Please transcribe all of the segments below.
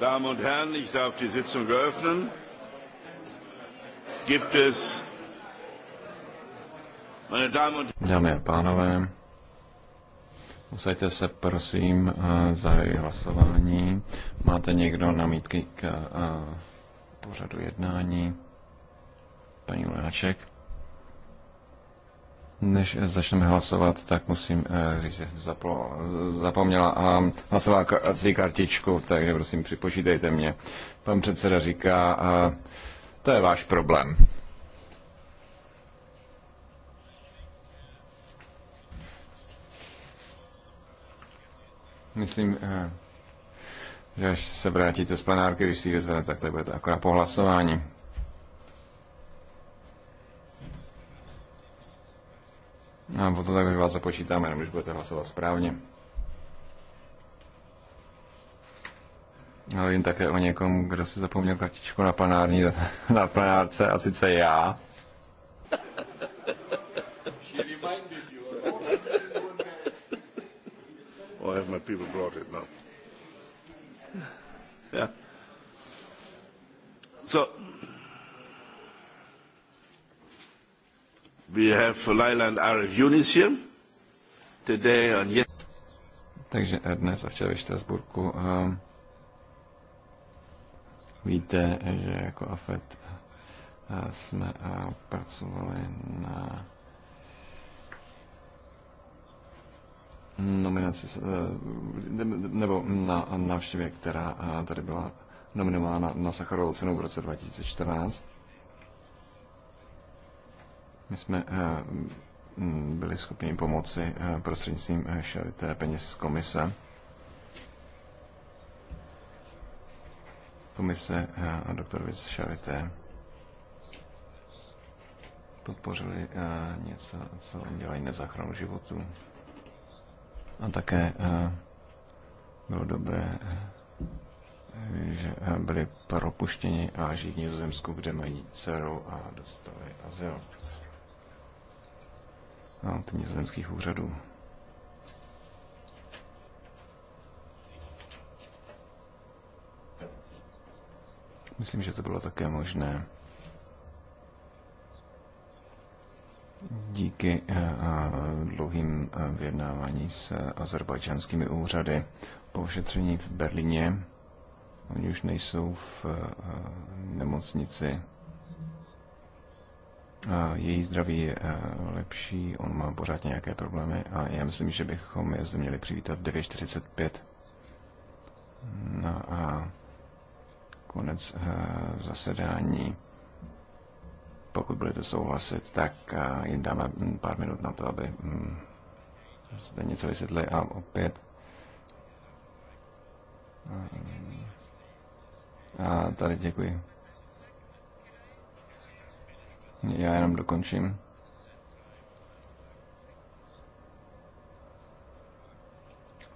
Damen und Herren, ich darf die Sitzung eröffnen. Gibt es, meine Damen und Dámy a pánové, usaďte se prosím eh, za hlasování. Máte někdo namítky k eh, pořadu jednání? Paní Lenaček. Než začneme hlasovat, tak musím eh, říct, že zaplo, zapomněla a hlasovací kartičku, takže prosím připočítejte mě. Pan předseda říká, a, eh, to je váš problém. Myslím, eh, že až se vrátíte z plenárky, když si ji tak to to akorát po hlasování. A potom tak vás započítáme, jenom když budete hlasovat správně. Ale vím také o někom, kdo si zapomněl kartičku na, panární, na panárce, a sice já. oh, have my people brought it now. Yeah. So, We have Laila and Arif Yunis here today and yet. Takže eh, dnes a včera ve Štrasburku um, víte, že jako AFET eh, jsme uh, pracovali na nominaci, nebo na návštěvě, která tady byla nominována na Sacharovou cenu v roce 2014. My jsme eh, mm, byli schopni pomoci eh, prostřednictvím eh, šarité peněz z komise. Komise a doktor Vic Šarité podpořili něco, co dělají na záchranu životů. A také bylo dobré, že byli propuštěni a žijí v Nizozemsku, kde mají dceru a dostali azyl od no, nizozemských úřadů. Myslím, že to bylo také možné díky eh, dlouhým eh, vyjednávání s eh, azerbajdžanskými úřady po ošetření v Berlíně. Oni už nejsou v nemocnici její zdraví je eh, lepší, on má pořád nějaké problémy a já myslím, že bychom je zde měli přivítat v 9.45 na a konec eh, zasedání. Pokud budete souhlasit, tak eh, jim dáme hm, pár minut na to, aby zde hm, něco vysvětlili a opět a tady děkuji. Já jenom dokončím.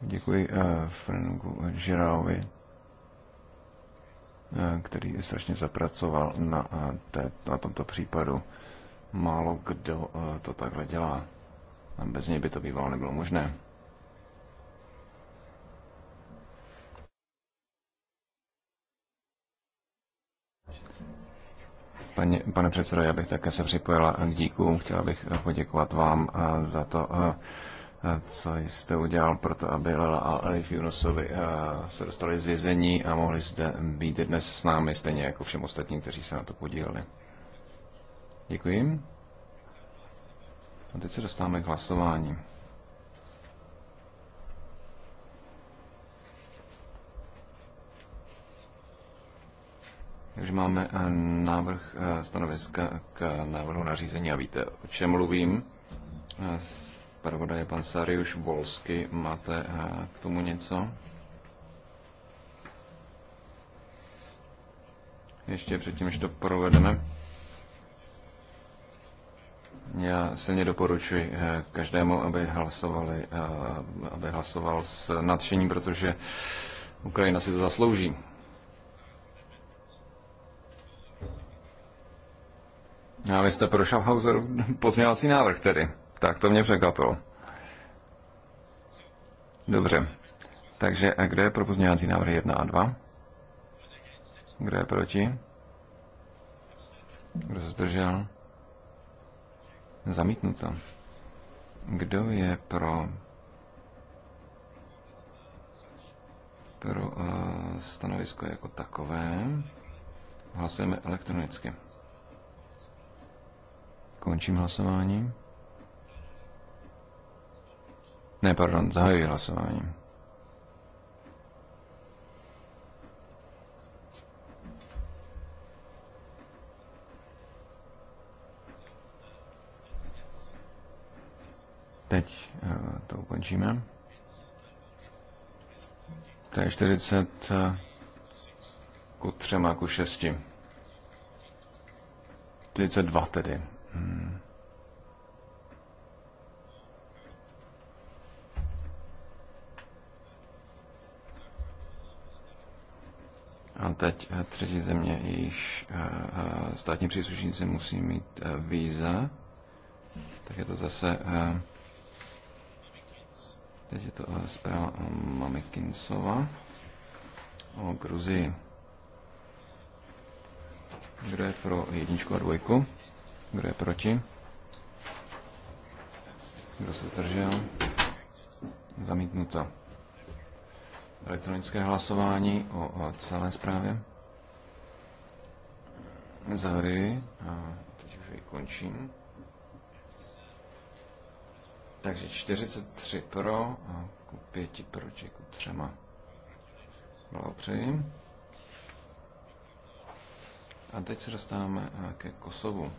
Děkuji uh, Franku Žiraovi, uh, eh, který strašně zapracoval na, uh, té, na tomto případu. Málo kdo uh, to takhle dělá. A bez něj by to bývalo nebylo možné. Pani, pane předsedo, já bych také se připojila k díkům. Chtěla bych eh, poděkovat vám eh, za to, eh, co jste udělal pro to, aby Lela a Elif Junosovi se dostali z vězení a mohli jste být dnes s námi, stejně jako všem ostatním, kteří se na to podíleli. Děkuji. A teď se dostáváme k hlasování. Takže máme eh, návrh eh, stanoviska k návrhu nařízení a víte, o čem mluvím. Eh, Prvoda je pan Sariuš Volsky. Máte k tomu něco? Ještě předtím, než to provedeme. Já silně doporučuji každému, aby, hlasovali, aby hlasoval s nadšením, protože Ukrajina si to zaslouží. A vy jste pro Schaffhauser pozměňovací návrh tedy. Tak to mě překvapilo. Dobře. Takže a kde je pro pozměňovací návrhy 1 a 2? Kdo je proti? Kdo se zdržel? Zamítnuto. Kdo je pro pro uh, stanovisko jako takové? Hlasujeme elektronicky. Končím hlasování. Ne, pardon, zahajuji hlasování. Teď eh, to ukončíme. To je 40 eh, ku 3 ku 6. 32 tedy. Hmm. A teď eh, třetí země, již eh, eh, státní příslušníci musí mít víza. Tak je to zase... Teď je to zpráva Mamikinsova o Gruzii. Kdo je pro jedničku a dvojku? Kdo je proti? Kdo se zdržel? Zamítnuto. Elektronické hlasování o celé zprávě. Zahajuji a teď už ji končím. Takže 43 pro a ku 5 proti ku 3. Blahopřeji. A teď se dostáváme eh, ke Kosovu.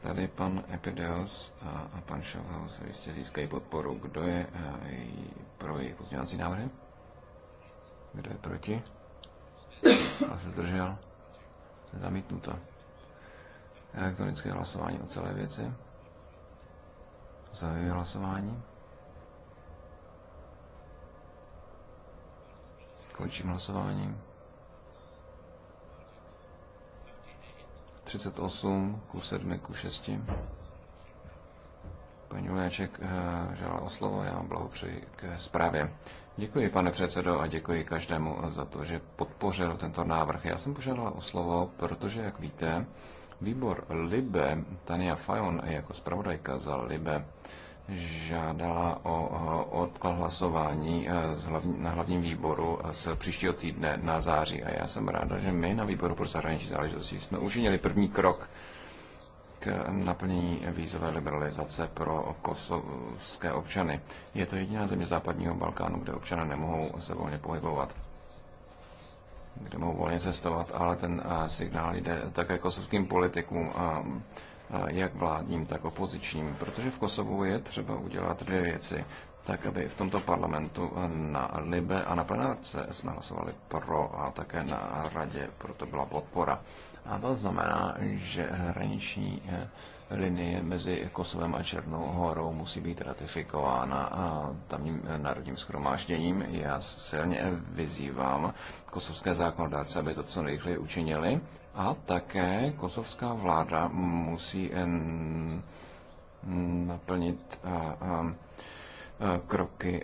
Tady pan Epideos a, a pan Schaffhaus jistě získají podporu. Kdo je pro jejich pozměňovací návrhy? Kdo je proti? A se zdržel? Zamítnuto. Elektronické hlasování o celé věci. Zahajuji hlasování. Končím hlasování. 38 ku 7 ku 6. Paní Uléček eh, žádala o slovo, já vám blahopřeji k zprávě. Děkuji, pane předsedo, a děkuji každému za to, že podpořil tento návrh. Já jsem požádala o slovo, protože, jak víte, výbor Libe, Tania Fajon jako zpravodajka za Libe, žádala o odklad hlasování eh, na hlavním výboru eh, z příštího týdne na září. A já jsem ráda, že my na výboru pro zahraniční záležitosti jsme učinili první krok k naplnění vízové liberalizace pro kosovské občany. Je to jediná země západního Balkánu, kde občané nemohou se volně pohybovat kde mohou volně cestovat, ale ten eh, signál jde také kosovským politikům jak vládním, tak opozičním, protože v Kosovu je třeba udělat dvě věci, tak aby v tomto parlamentu na Libe a na plenárce jsme hlasovali pro a také na radě, proto byla podpora. A to znamená, že hraniční eh, linie mezi Kosovem a Černou horou musí být ratifikována tamním eh, národním schromážděním. Já silně vyzývám kosovské zákonodárce, aby to co nejrychleji učinili, a také kosovská vláda musí eh, naplnit eh, eh, kroky,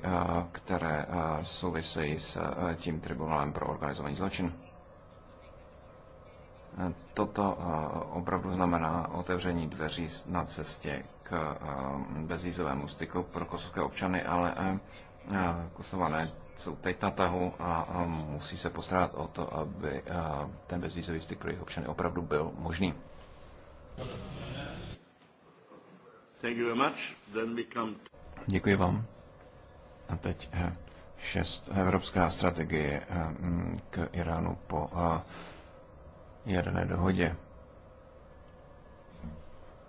které souvisejí s tím tribunálem pro organizovaný zločin. Toto opravdu znamená otevření dveří na cestě k bezvízovému styku pro kosovské občany, ale kosované jsou teď na tahu a musí se postarat o to, aby ten bezvízový styk pro jejich občany opravdu byl možný. Thank you very much. Then we come to... Děkuji vám. A teď eh, šest evropská strategie eh, mm, k Iránu po eh, jedné dohodě.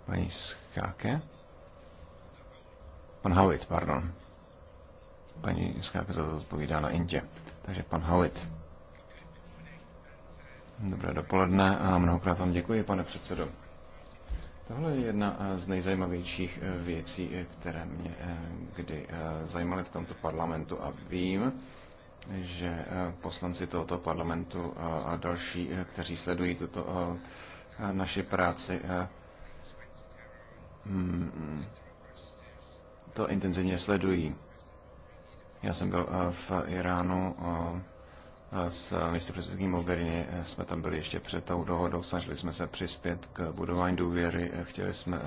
Paní Skáke? Pan Howitt, pardon paní Skáka za to odpovídá na Indě. Takže pan Howitt. Dobré dopoledne a mnohokrát vám děkuji, pane předsedo. Tohle je jedna eh, z nejzajímavějších eh, věcí, eh, které mě kdy zajímaly v tomto parlamentu a vím, že poslanci tohoto parlamentu a další, kteří sledují tuto naši práci, hmm, to intenzivně sledují. Já jsem byl eh, v Iránu eh, eh, s viceprezidentní Mogherini jsme tam byli ještě před tou dohodou, snažili jsme se přispět k budování důvěry, chtěli jsme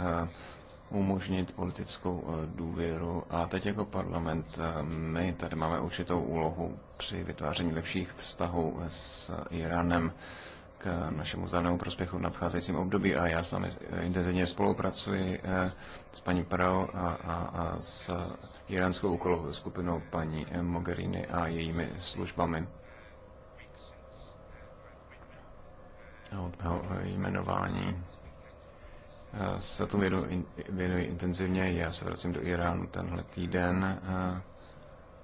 umožnit politickou důvěru a teď jako parlament my tady máme určitou úlohu při vytváření lepších vztahů s Iránem k eh, našemu vzájemnému prospěchu v nadcházejícím období a já s námi eh, intenzivně spolupracuji eh, s paní Prao a, a, a s iránskou úkolovou skupinou paní Mogherini a jejími službami. A od mého jmenování se tomu věnuji intenzivně. Já se vracím do Iránu tenhle týden. A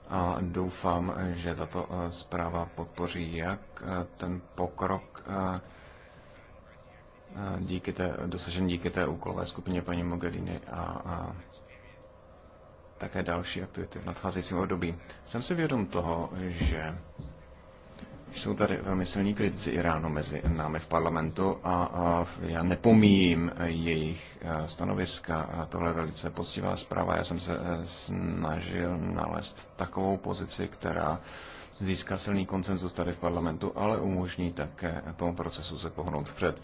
a doufám, že tato eh, zpráva podpoří jak eh, ten pokrok eh, díky té, dosažen díky té úkolové skupině paní Mogherini a, a také další aktivity v nadcházejícím období. Jsem si vědom toho, že jsou tady velmi silní kritici Iránu mezi námi v parlamentu a, a já nepomíjím jejich eh, stanoviska. A tohle je velice poctivá zpráva. Já jsem se eh, snažil nalézt takovou pozici, která získá silný konsenzus tady v parlamentu, ale umožní také tomu procesu se pohnout vpřed.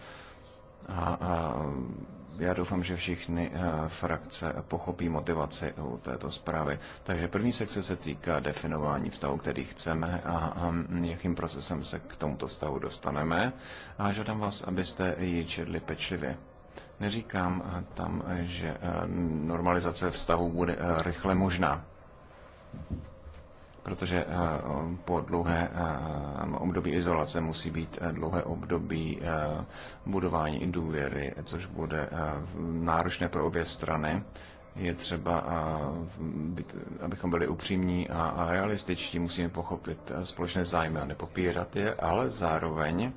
A, a já doufám, že všichni eh, frakce pochopí motivaci u této zprávy. Takže první sekce se týká definování vztahu, který chceme a ehm, jakým procesem se k tomuto vztahu dostaneme. A žádám vás, abyste ji četli pečlivě. Neříkám eh, tam, eh, že normalizace vztahu bude rychle možná protože eh, po dlouhé eh, období izolace musí být eh, dlouhé období budování důvěry, což bude náročné pro obě strany. Je třeba, abychom byli upřímní a realističtí, musíme pochopit společné zájmy a nepopírat je, ale zároveň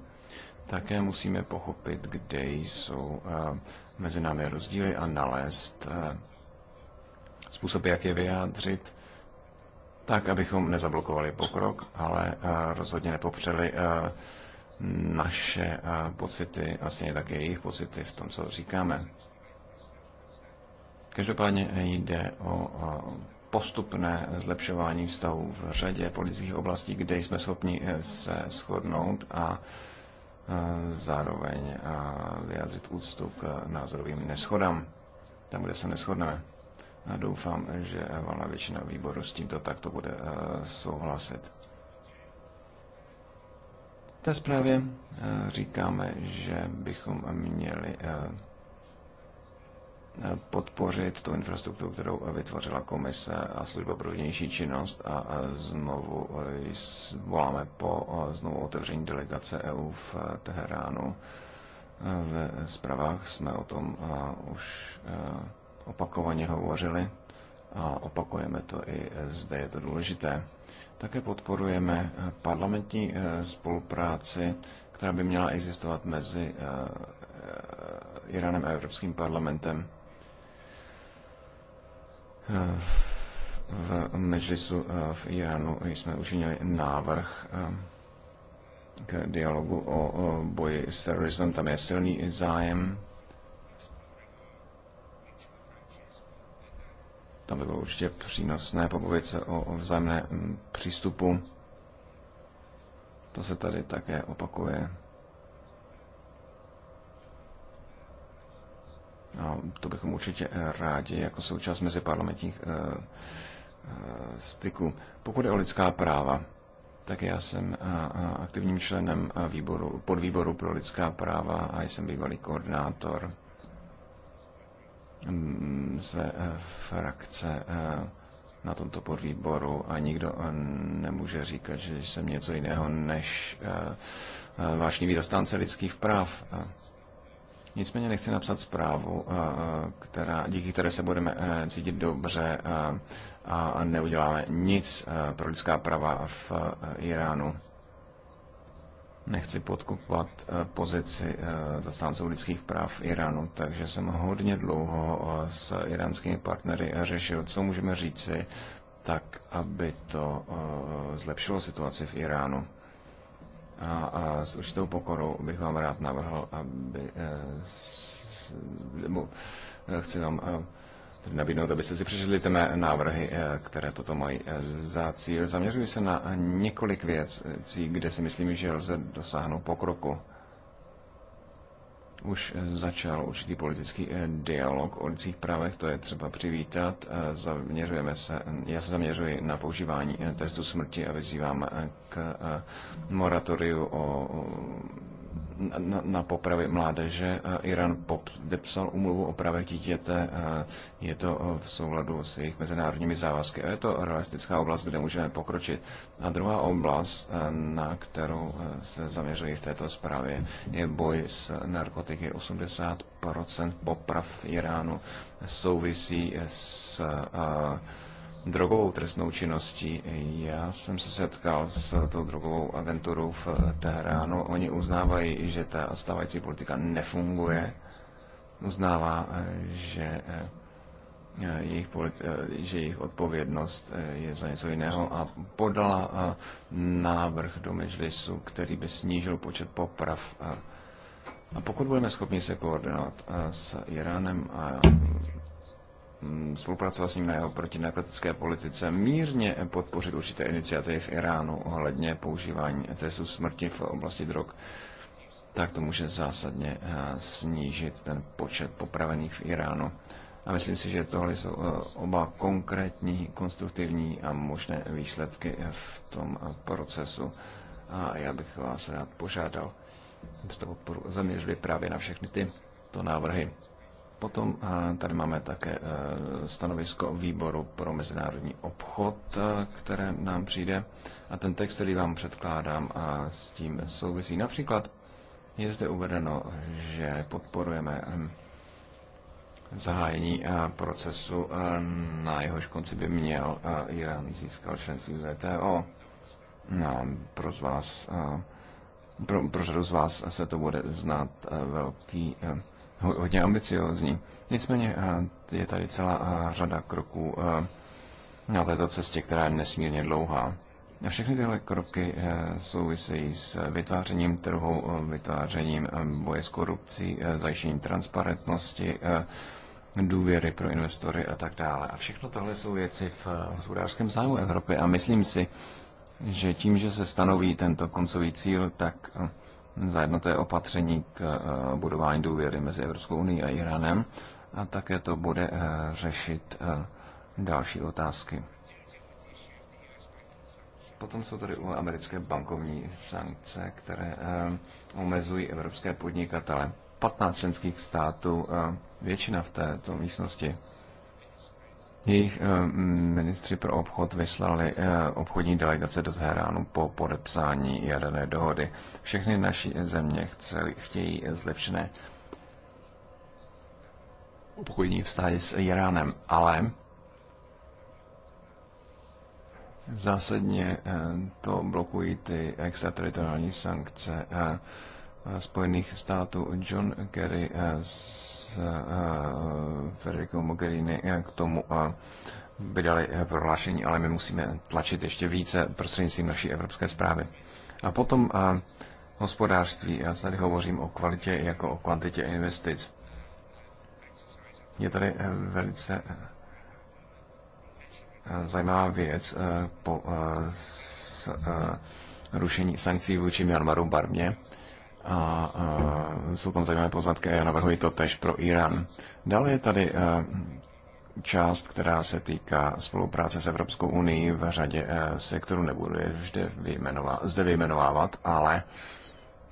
také musíme pochopit, kde jsou mezi námi rozdíly a nalézt způsob, jak je vyjádřit tak abychom nezablokovali pokrok, ale eh, rozhodně nepopřeli eh, naše eh, pocity a stejně také jejich pocity v tom, co říkáme. Každopádně jde o postupné zlepšování vztahu v řadě politických oblastí, kde jsme schopni se shodnout a zároveň vyjádřit úctu k názorovým neschodám, tam, kde se neschodneme doufám, že valná většina výboru s tímto takto bude eh, souhlasit. V té zprávě eh, říkáme, že bychom měli eh, podpořit tu infrastrukturu, kterou vytvořila komise a služba pro vnější činnost a znovu voláme po znovu otevření delegace EU v Teheránu. Ve zprávách jsme o tom už opakovaně hovořili a opakujeme to i zde, je to důležité. Také podporujeme parlamentní eh, spolupráci, která by měla existovat mezi eh, eh, Iránem a Evropským parlamentem v Medžlisu v Iránu jsme učinili návrh k dialogu o boji s terorismem. Tam je silný zájem. Tam by bylo určitě přínosné pobavit se o vzájemném mm, přístupu. To se tady také opakuje. A no, to bychom určitě eh, rádi jako součást mezi e, eh, eh, styků. Pokud je o lidská práva, tak já jsem aktivním členem výboru, podvýboru pro lidská práva a jsem bývalý koordinátor Mm, ze eh, frakce eh, na tomto podvýboru a nikdo eh, nemůže říkat, že jsem něco jiného než vášní výdostánce lidských práv. Nicméně nechci napsat zprávu, která, díky které se budeme cítit dobře a neuděláme nic pro lidská práva v Iránu. Nechci podkupovat eh, pozici eh, zastánců lidských práv Iránu, takže jsem hodně dlouho eh, s iránskými partnery řešil, co můžeme říci, tak aby to zlepšilo situaci v Iránu. A, s určitou pokorou bych vám rád navrhl, aby nebo chci vám tedy nabídnout, abyste si přečetli ty mé návrhy, eh, které toto mají eh, za cíl. Zaměřuji se na několik věcí, kde si myslím, že lze dosáhnout pokroku. Už eh, začal určitý politický dialog o lidských právech, to je třeba přivítat. Zaměřujeme se, já se zaměřuji na používání trestu smrti a vyzývám k moratoriu o na, na popravy mládeže. Eh, Irán podepsal umluvu o právech dítěte. Eh, je to eh, v souladu s jejich mezinárodními závazky. A je to realistická oblast, kde můžeme pokročit. A druhá oblast, na kterou se zaměřují v této zprávě, je boj s narkotiky. 80% poprav v Iránu souvisí s uh, drogovou trestnou činností. Já jsem se setkal s tou drogovou agenturou v Teheránu. Oni uznávají, že ta stávající politika nefunguje. Uznává, že eh, jejich, eh, že jejich odpovědnost eh, je za něco jiného a podala návrh do Mežlisu, který by snížil počet poprav. A pokud budeme schopni se koordinovat s Iránem a Mm, spolupracovat s ním na jeho protinerkotické politice, mírně podpořit určité iniciativy v Iránu ohledně používání testů smrti v oblasti drog, tak to může zásadně eh, snížit ten počet popravených v Iránu. A myslím si, že tohle jsou eh, oba konkrétní, konstruktivní a možné výsledky v tom eh, procesu. A já bych vás rád požádal, abyste podporu zaměřili právě na všechny tyto návrhy. Potom eh, tady máme také eh, stanovisko výboru pro mezinárodní obchod, eh, které nám přijde. A ten text, který vám předkládám, a s tím souvisí. Například je zde uvedeno, že podporujeme hm, zahájení procesu, na jehož konci by měl Irán získal členství VTO. No, pro, z vás, pro, pro řadu z vás se to bude znát velký hodně ambiciozní. Nicméně eh, je tady celá eh, řada kroků eh, na této cestě, která je nesmírně dlouhá. všechny tyhle kroky souvisejí s vytvářením trhu, vytvářením boje s korupcí, zajištěním transparentnosti, důvěry pro investory a tak dále. A všechno tohle jsou věci v hospodářském zájmu Evropy a myslím si, že tím, že se stanoví tento koncový cíl, tak za jedno je opatření k eh, budování důvěry mezi Evropskou unii a Iránem a také to bude eh, řešit eh, další otázky. Potom jsou tady americké bankovní sankce, které omezují evropské podnikatele. 15 členských států, většina v této místnosti jejich eh, ministři pro obchod vyslali eh, obchodní delegace do Teheránu po podepsání jaderné dohody. Všechny naši země chtějí zlepšené obchodní vztahy s Iránem, ale zásadně eh, to blokují ty extrateritoriální sankce Eh, Spojených států John Kerry eh, s eh, Federico Mogherini k tomu vydali prohlášení, ale my musíme tlačit ještě více prostřednictvím naší evropské zprávy. A potom hospodářství. Já tady hovořím o kvalitě jako o kvantitě investic. Je tady velice zajímavá věc po rušení sankcí vůči Myanmaru Barmě a, a jsou tam zajímavé poznatky a já navrhuji to tež pro Irán. Dále je tady a, eh, část, která se týká spolupráce s Evropskou unii v řadě a, eh, sektorů, nebudu je vždy vyjmenová, zde vyjmenovávat, ale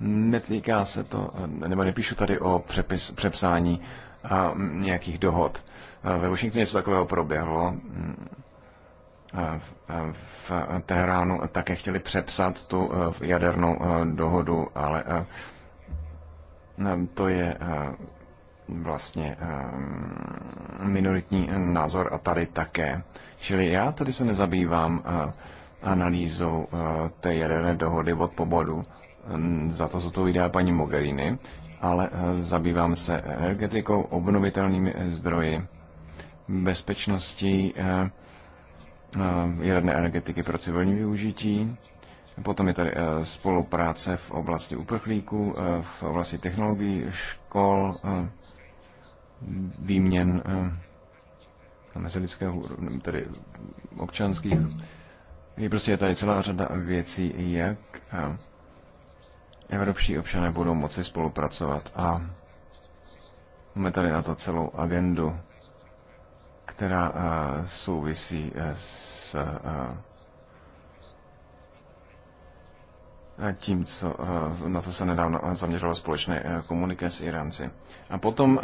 netýká se to, eh, nebo nepíšu tady o přepis, přepsání a, nějakých dohod. Ve Washingtonu něco takového proběhlo hmm v Teheránu také chtěli přepsat tu e, jadernou e, dohodu, ale e, to je vlastně minoritní názor a tady také. Čili já tady se nezabývám analýzou té jaderné dohody od pobodu. Za to to vydá paní Mogherini, ale zabývám se energetikou, obnovitelnými zdroji, bezpečností, Eh, jaderné energetiky pro civilní využití. Potom je tady eh, spolupráce v oblasti uprchlíků, eh, v oblasti technologií, škol, výměn mezilidského, tedy občanských. Je prostě je tady celá řada věcí, jak evropští občané budou moci spolupracovat a máme tady na to celou agendu která eh, souvisí eh, s eh, tím, co, na co se nedávno zaměřilo společné komuniké s Iránci. A potom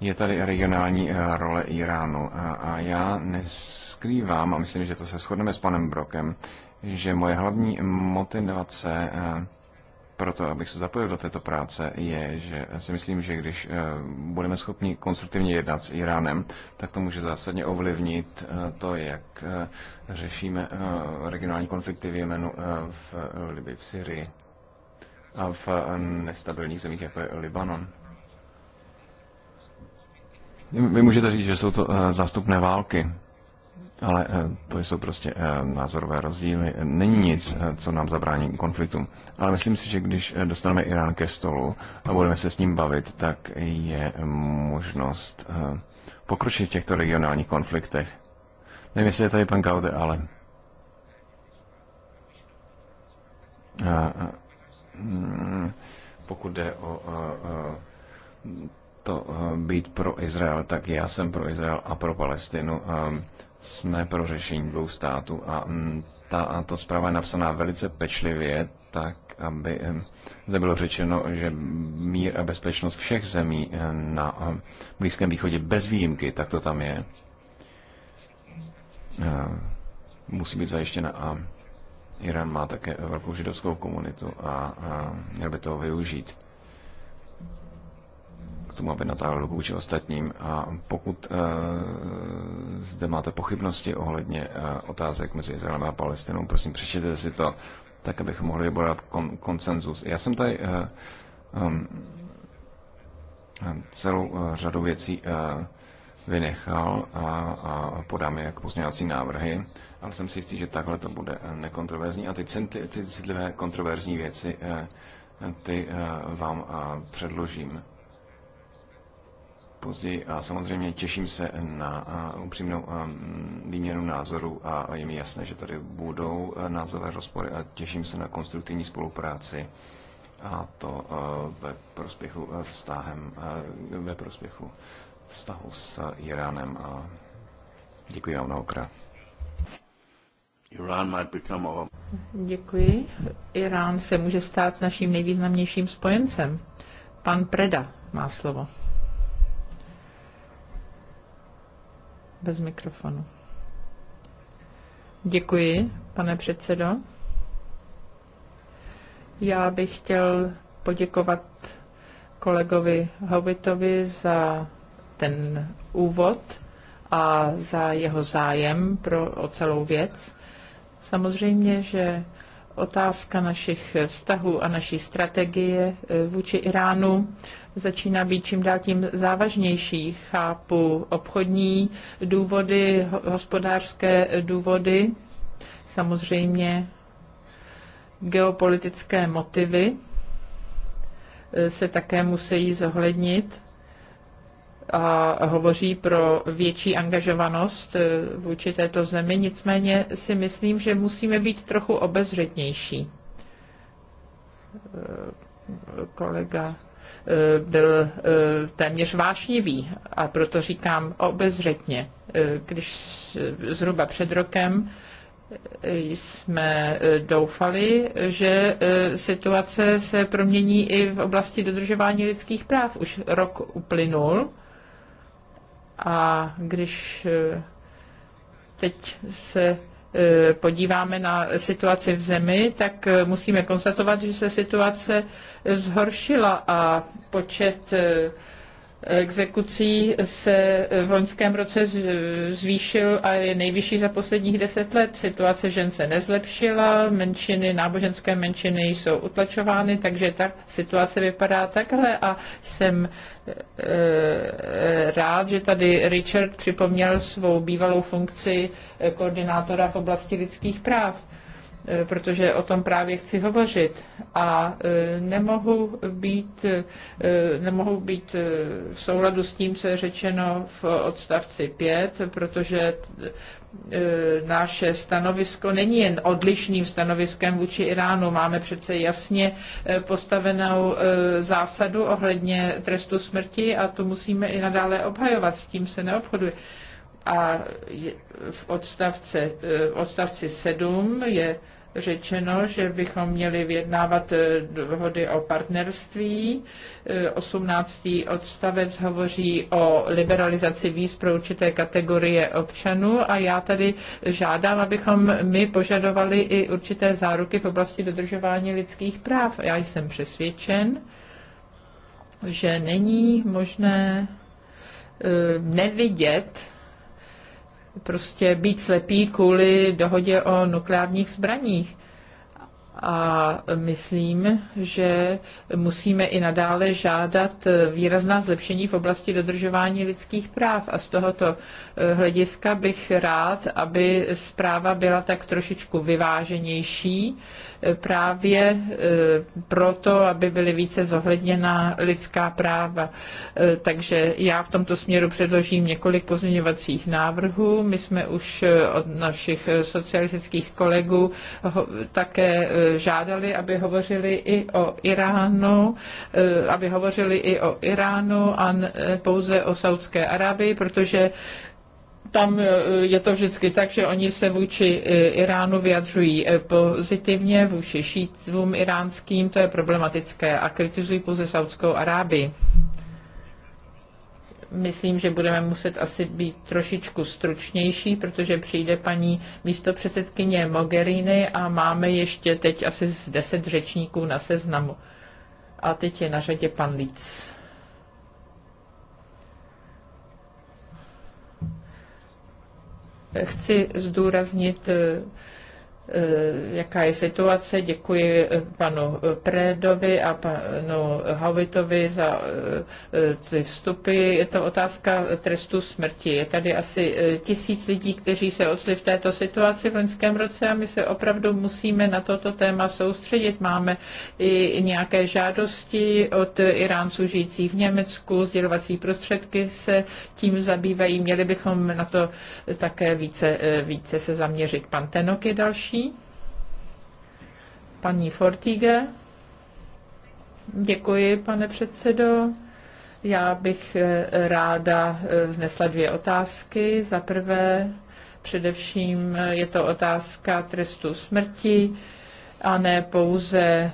je tady regionální role Iránu. A já neskrývám, a myslím, že to se shodneme s panem Brokem, že moje hlavní motivace proto, abych se zapojil do této práce, je, že si myslím, že když eh, budeme schopni konstruktivně jednat s Iránem, tak to může zásadně ovlivnit eh, to, jak eh, řešíme regionální konflikty v Jemenu, v Libii, v Syrii a v nestabilních zemích, jako je Libanon. Vy můžete říct, že jsou to zástupné války ale eh, to jsou prostě eh, názorové rozdíly. Není nic, eh, co nám zabrání konfliktům. Ale myslím si, že když dostaneme Irán ke stolu a budeme se s ním bavit, tak je možnost pokročit v těchto regionálních konfliktech. Nevím, jestli je tady pan Gaude, ale... Pokud jde o to být pro Izrael, tak já jsem pro Izrael a pro Palestinu jsme pro řešení dvou států a mm, ta a to zpráva je napsaná velice pečlivě, tak aby mm, zde bylo řečeno, že mír a bezpečnost všech zemí mm, na Blízkém východě bez výjimky, tak to tam je, musí být zajištěna a Irán má také velkou židovskou komunitu a, a měl by toho využít k tomu, aby natáhl ruku vůči ostatním. A pokud eh, zde máte pochybnosti ohledně eh, otázek mezi Izraelem a Palestinou, prosím, přečtěte si to, tak abychom mohli vybrat kon- koncenzus. Já jsem tady um, celou řadu věcí vynechal a, a podám je jako pozměňovací návrhy, ale jsem si jistý, že takhle to bude nekontroverzní. A ty, ty citlivé kontroverzní věci ty vám předložím později a samozřejmě těším se na upřímnou mm, výměnu názoru a je mi jasné, že tady budou názové rozpory a těším se na konstruktivní spolupráci a to ve prospěchu vztahem, ve prospěchu vztahu s Iránem a děkuji vám mnohokrát. Děkuji. Irán se může stát naším nejvýznamnějším spojencem. Pan Preda má slovo. bez mikrofonu. Děkuji, pane předsedo. Já bych chtěl poděkovat kolegovi Hobitovi za ten úvod a za jeho zájem pro, o celou věc. Samozřejmě, že otázka našich vztahů a naší strategie eh, vůči Iránu začíná být čím dál tím závažnější. Chápu obchodní důvody, hospodářské důvody, samozřejmě geopolitické motivy eh, se také musí zohlednit a hovoří pro větší angažovanost eh, vůči této zemi, nicméně si myslím, že musíme být trochu obezřetnější. Eh, kolega eh, byl téměř vášnivý a proto říkám obezřetně. Když zhruba před rokem jsme doufali, že situace se promění i v oblasti dodržování lidských práv. Už rok uplynul a když eh, teď se eh, podíváme na situaci v zemi, tak eh, musíme konstatovat, že se situace zhoršila a počet exekucí se v loňském roce zvýšil a je nejvyšší za posledních deset let. Situace žen se nezlepšila, menšiny, náboženské menšiny jsou utlačovány, takže ta situace vypadá takhle a jsem e, rád, že tady Richard připomněl svou bývalou funkci e, koordinátora v oblasti lidských práv. Eh, protože o tom právě chci hovořit a eh, nemohu být, eh, nemohu být v souladu s tím, co je řečeno v odstavci 5, protože naše stanovisko není jen odlišným stanoviskem vůči Iránu. Máme přece jasně postavenou zásadu ohledně trestu smrti a to musíme i nadále obhajovat. S tím se neobchoduje a v odstavce, v odstavci 7 je řečeno, že bychom měli vyjednávat eh, dohody o partnerství. 18. Eh, odstavec hovoří o liberalizaci víz pro určité kategorie občanů a já tady žádám, abychom my požadovali i určité záruky v oblasti dodržování lidských práv. Já jsem přesvědčen, že není možné eh, nevidět prostě být slepí kvůli dohodě o nukleárních zbraních. A myslím, že musíme i nadále žádat výrazná zlepšení v oblasti dodržování lidských práv. A z tohoto eh, hlediska bych rád, aby zpráva byla tak trošičku vyváženější právě e, proto, aby byly více zohledněna lidská práva. E, takže já v tomto směru předložím několik pozměňovacích návrhů. My jsme už e, od našich socialistických kolegů také žádali, aby hovořili i o Iránu, aby hovořili i o Iránu a pouze o Saudské Arábii, protože tam e, je to vždycky tak, že oni se vůči e, Iránu vyjadřují e, pozitivně, vůči šítům iránským, to je problematické, a kritizují pouze Saudskou Arábii. Myslím, že budeme muset asi být trošičku stručnější, protože přijde paní místopředsedkyně Mogherini a máme ještě teď asi z deset řečníků na seznamu. A teď je na řadě pan Líc. chci zdůraznit eh, Eh, jaká je situace. Děkuji eh, panu eh, Prédovi a panu Havitovi za ty vstupy. Je to otázka trestu smrti. Je tady asi tisíc lidí, kteří se osli v této situaci v loňském roce a my se opravdu musíme na toto téma soustředit. Máme i nějaké žádosti od Iránců žijících v Německu, sdělovací prostředky se tím zabývají. Měli bychom na to také více, více se zaměřit. Pan Tenok je další další? Paní Fortige. Děkuji, pane předsedo. Já bych eh, ráda eh, vznesla dvě otázky. Za prvé, především eh, je to otázka trestu smrti a ne pouze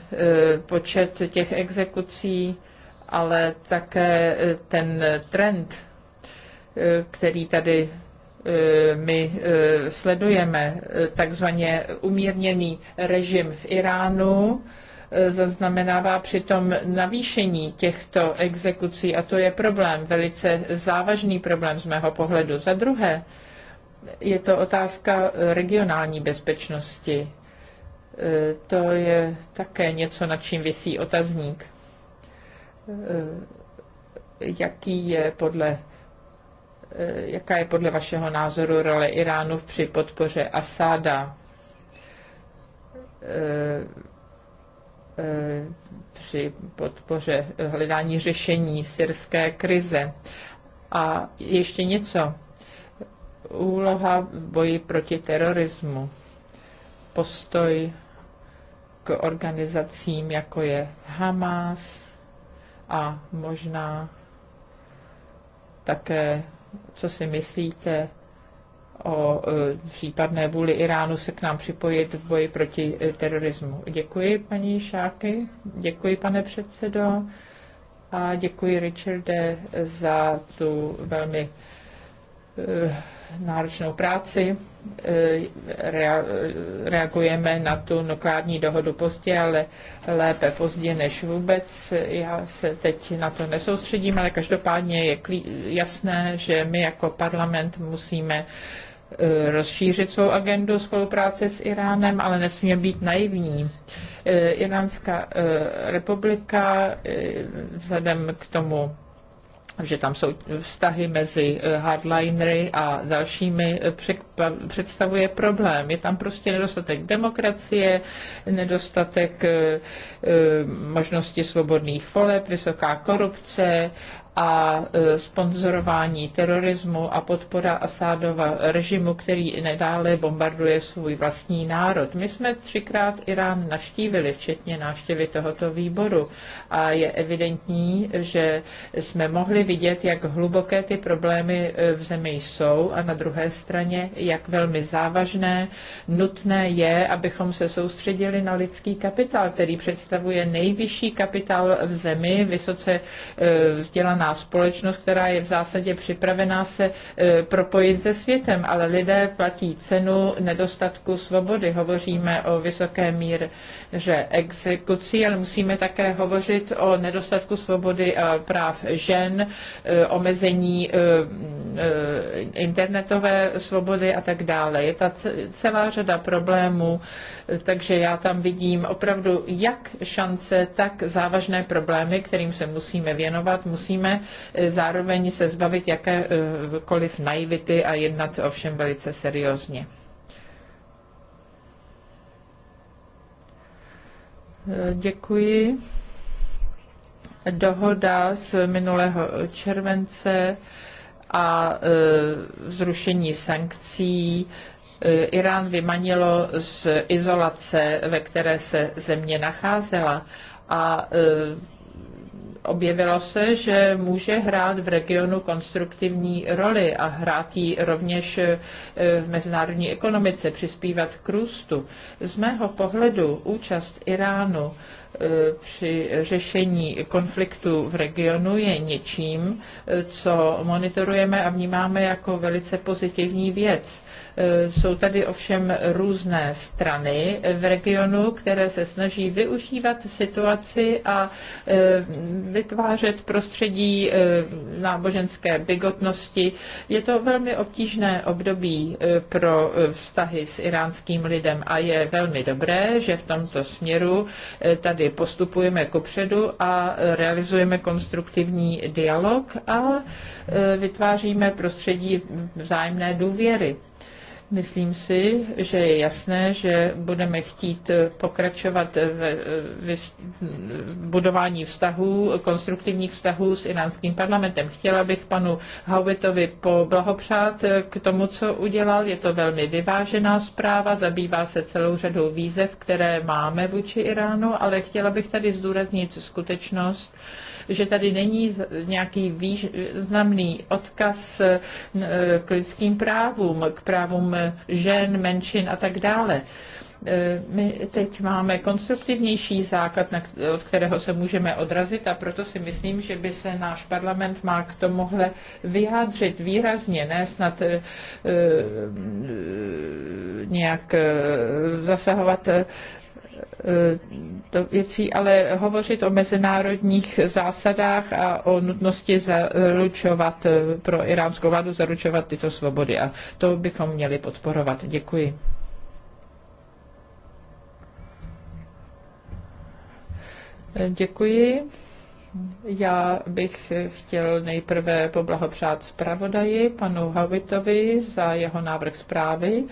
počet těch exekucí, ale také ten trend, který tady E, my e, sledujeme e, takzvaně umírněný režim v Iránu, zaznamenává přitom navýšení těchto exekucí a to je problém, velice závažný problém z mého pohledu. Za druhé, je to otázka regionální bezpečnosti. To je také něco, nad čím vysí otazník. Jaký je podle Eh, jaká je podle vašeho názoru role Iránu při podpoře Asáda? Eh, eh, při podpoře hledání řešení syrské krize. A ještě něco. Úloha v boji proti terorismu. Postoj k organizacím, jako je Hamas a možná také co si myslíte o e, případné vůli Iránu se k nám připojit v boji proti e, terorismu. Děkuji, paní Šáky, děkuji, pane předsedo, a děkuji, Richarde, za tu velmi e, náročnou práci. Eh, reagujeme na tu nukleární dohodu pozdě, ale lépe pozdě než vůbec. Já se teď na to nesoustředím, ale každopádně je jasné, že my jako parlament musíme eh, rozšířit svou agendu spolupráce s Iránem, ale nesmíme být naivní. Eh, Iránská republika vzhledem k tomu že tam jsou vztahy mezi eh, hardlinery a dalšími, eh, představuje problém. Je tam prostě nedostatek demokracie, nedostatek eh, možnosti svobodných voleb, vysoká korupce a e, sponzorování terorismu a podpora Asádova režimu, který nedále bombarduje svůj vlastní národ. My jsme třikrát Irán navštívili, včetně návštěvy tohoto výboru a je evidentní, že jsme mohli vidět, jak hluboké ty problémy e, v zemi jsou a na druhé straně, jak velmi závažné, nutné je, abychom se soustředili na lidský kapitál, který představuje nejvyšší kapitál v zemi, vysoce e, vzdělaný globalizovaná společnost, která je v zásadě připravená se e, propojit se světem, ale lidé platí cenu nedostatku svobody. Hovoříme o vysoké míře exekucí, ale musíme také hovořit o nedostatku svobody a práv žen, e, omezení e, internetové svobody a tak dále. Je ta celá řada problémů, takže já tam vidím opravdu jak šance, tak závažné problémy, kterým se musíme věnovat. Musíme musíme eh, zároveň se zbavit jakékoliv naivity a jednat ovšem velice seriózně. Eh, děkuji. Dohoda z minulého července a eh, zrušení sankcí Irán vymanilo z izolace, ve které se země nacházela a objevilo se, že může hrát v regionu konstruktivní roli a hrát ji rovněž e, v mezinárodní ekonomice, přispívat k růstu. Z mého pohledu účast Iránu e, při řešení konfliktu v regionu je něčím, e, co monitorujeme a vnímáme jako velice pozitivní věc. Eh, jsou tady ovšem různé strany v regionu, které se snaží využívat situaci a eh, vytvářet prostředí eh, náboženské bigotnosti. Je to velmi obtížné období pro vztahy s iránským lidem a je velmi dobré, že v tomto směru tady postupujeme kupředu a realizujeme konstruktivní dialog a vytváříme prostředí vzájemné důvěry. Myslím si, že je jasné, že budeme chtít pokračovat v, budování vztahů, konstruktivních vztahů s iránským parlamentem. Chtěla bych panu Hauvetovi poblahopřát k tomu, co udělal. Je to velmi vyvážená zpráva, zabývá se celou řadou výzev, které máme vůči Iránu, ale chtěla bych tady zdůraznit skutečnost, že tady není nějaký významný odkaz eh, k lidským právům, k právům žen, menšin a tak dále eh, my teď máme konstruktivnější základ, od kterého se můžeme odrazit a proto si myslím, že by se náš parlament má k tomuhle vyjádřit výrazně, ne snad uh, nějak zasahovat E, do věcí, ale hovořit o mezinárodních zásadách a o nutnosti zaručovat e, pro iránskou vládu, zaručovat tyto svobody. A to bychom měli podporovat. Děkuji. E, děkuji. Já bych chtěl nejprve poblahopřát zpravodaji, panu Havitovi, za jeho návrh zprávy.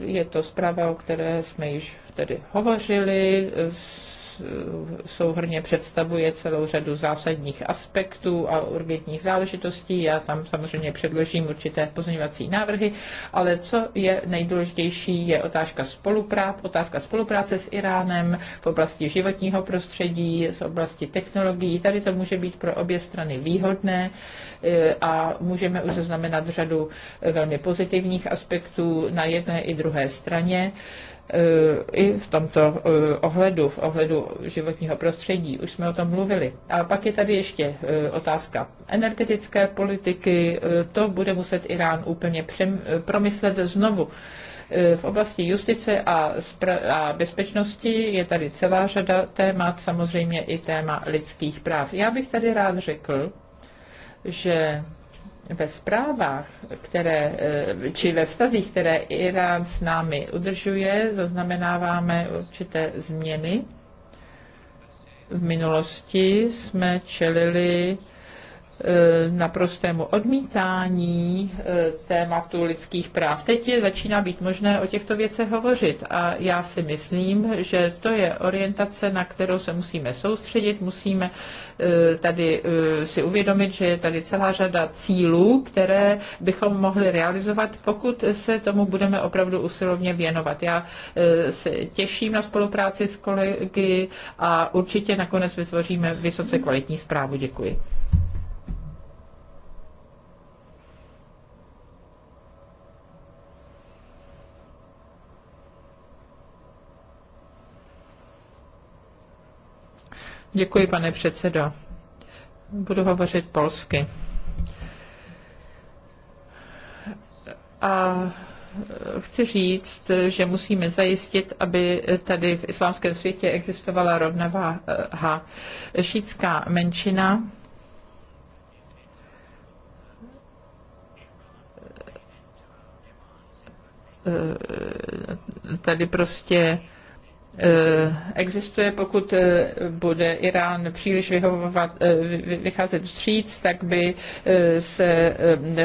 Je to zpráva, o které jsme již tedy hovořili, souhrně představuje celou řadu zásadních aspektů a urgentních záležitostí. Já tam samozřejmě předložím určité pozměňovací návrhy, ale co je nejdůležitější, je otázka, spoluprác, otázka spolupráce s Iránem v oblasti životního prostředí, z oblasti technologií. Tady to může být pro obě strany výhodné e, a můžeme už zaznamenat řadu e, velmi pozitivních aspektů na jedné i druhé straně i v tomto e, ohledu, v ohledu životního prostředí. Už jsme o tom mluvili. A pak je tady ještě e, otázka energetické politiky. E, to bude muset Irán úplně promyslet znovu. V oblasti justice a, a bezpečnosti je tady celá řada témat, samozřejmě i téma lidských práv. Já bych tady rád řekl, že ve zprávách, které, eh, či ve vztazích, které Irán s námi udržuje, zaznamenáváme určité změny. V minulosti jsme čelili E, naprostému odmítání e, tématu lidských práv. Teď je, začíná být možné o těchto věcech hovořit a já si myslím, že to je orientace, na kterou se musíme soustředit, musíme e, tady si uvědomit, že je tady celá řada cílů, které bychom mohli realizovat, pokud se tomu budeme opravdu usilovně věnovat. Já se těším na spolupráci s kolegy a určitě nakonec vytvoříme vysoce kvalitní zprávu. Děkuji. Děkuji, pane předsedo. Budu hovořit polsky. A chci říct, že musíme zajistit, aby tady v islámském světě existovala rovnováha. Šítská menšina tady prostě Eh, existuje, pokud eh, bude Irán příliš vyhovovat, eh, vycházet vstříc, tak by se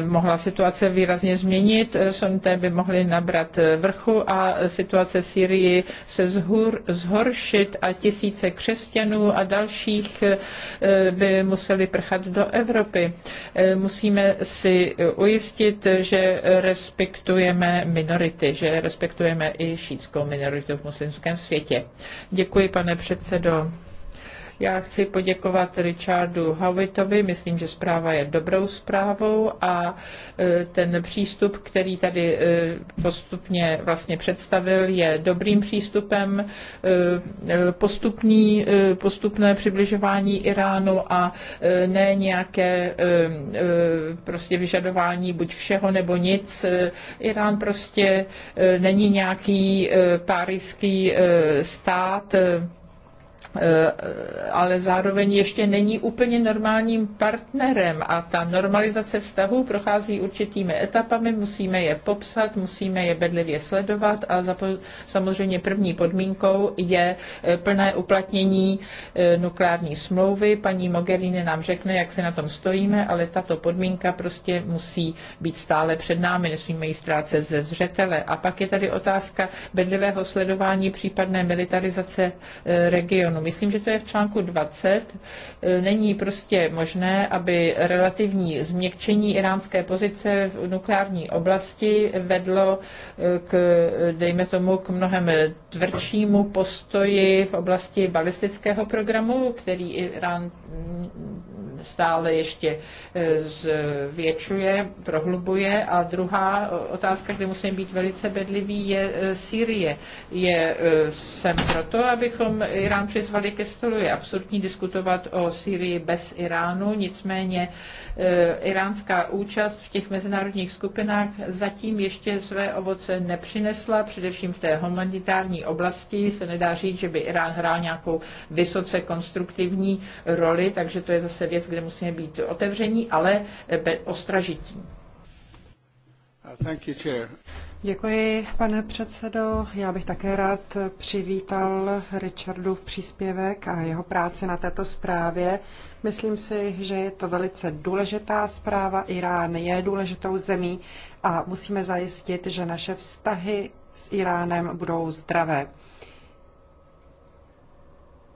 mohla situace výrazně změnit, sunité by mohly nabrat vrchu a situace v Syrii se zhur, zhoršit a tisíce křesťanů a dalších by museli prchat do Evropy. Musíme si ujistit, že respektujeme minority, že respektujeme i šítskou minoritu v muslimském světě světě. Děkuji, pane předsedo. Já chci poděkovat Richardu Howitovi, myslím, že zpráva je dobrou zprávou a e, ten přístup, který tady e, postupně vlastně představil, je dobrým přístupem, e, postupný, postupné přibližování Iránu a ne nějaké prostě vyžadování buď všeho nebo nic. Irán prostě není nějaký párijský stát, Eh, ale zároveň ještě není úplně normálním partnerem a ta normalizace vztahů prochází určitými etapami, musíme je popsat, musíme je bedlivě sledovat a samozřejmě první podmínkou je eh, plné uplatnění eh, nukleární smlouvy. Paní Mogherini nám řekne, jak se na tom stojíme, ale tato podmínka prostě musí být stále před námi, nesmíme ji ztrácet ze zřetele. A pak je tady otázka bedlivého sledování případné militarizace regionu regionu. Myslím, že to je v článku 20. E, není prostě možné, aby relativní změkčení iránské pozice v nukleární oblasti vedlo e, k, dejme tomu, k mnohem tvrdšímu postoji v oblasti balistického programu, který Irán stále ještě e, zvětšuje, prohlubuje. A druhá otázka, kde musím být velice bedlivý, je Sýrie. Je, sem proto, abychom Irán při přizvali ke stolu. Je absurdní diskutovat o Syrii bez Iránu, nicméně e, iránská účast v těch mezinárodních skupinách zatím ještě své ovoce nepřinesla, především v té humanitární oblasti. Se nedá říct, že by Irán hrál nějakou vysoce konstruktivní roli, takže to je zase věc, kde musíme být otevření, ale e, ostražití. Uh, thank you, Chair. Děkuji, pane předsedo. Já bych také rád přivítal v příspěvek a jeho práci na této zprávě. Myslím si, že je to velice důležitá zpráva. Irán je důležitou zemí a musíme zajistit, že naše vztahy s Iránem budou zdravé.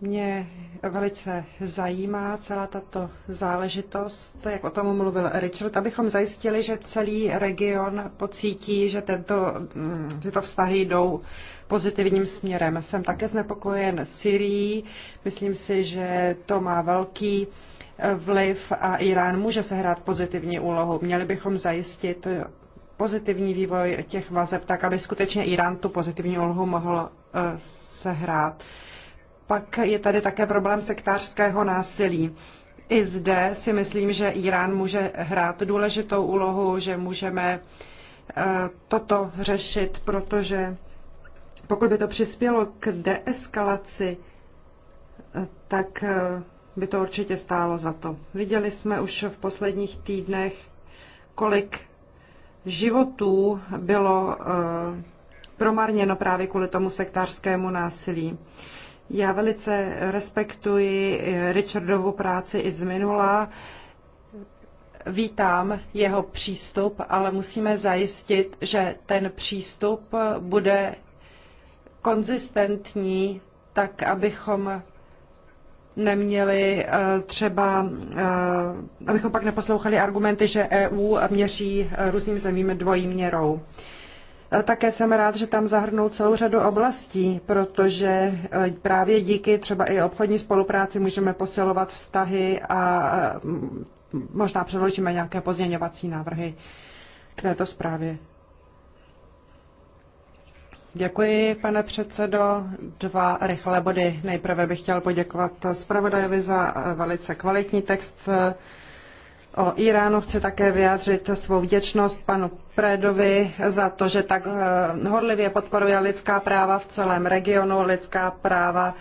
Mě velice zajímá celá tato záležitost, jak o tom mluvil Richard, abychom zajistili, že celý region pocítí, že tento, mm, tyto vztahy jdou pozitivním směrem. Jsem také znepokojen Syrií. Myslím si, že to má velký eh, vliv a Irán může sehrát pozitivní úlohu. Měli bychom zajistit pozitivní vývoj těch vazeb tak, aby skutečně Irán tu pozitivní úlohu mohl eh, sehrát. Pak je tady také problém sektářského násilí. I zde si myslím, že Irán může hrát důležitou úlohu, že můžeme eh, toto řešit, protože pokud by to přispělo k deeskalaci, eh, tak eh, by to určitě stálo za to. Viděli jsme už v posledních týdnech, kolik životů bylo promarněno právě kvůli tomu sektářskému násilí. Já velice respektuji eh, Richardovu práci i z minula. Vítám jeho přístup, ale musíme zajistit, že ten přístup bude konzistentní, tak abychom neměli eh, třeba, eh, abychom pak neposlouchali argumenty, že EU měří různým zemím dvojí měrou. Také jsem rád, že tam zahrnou celou řadu oblastí, protože eh, právě díky třeba i obchodní spolupráci můžeme posilovat vztahy a mm, možná předložíme nějaké pozměňovací návrhy k této zprávě. Děkuji, pane předsedo. Dva rychlé body. Nejprve bych chtěl poděkovat zpravodajovi za eh, velice kvalitní text eh, o Iránu chci také vyjádřit svou vděčnost panu Predovi za to, že tak eh, horlivě podporuje lidská práva v celém regionu. Lidská práva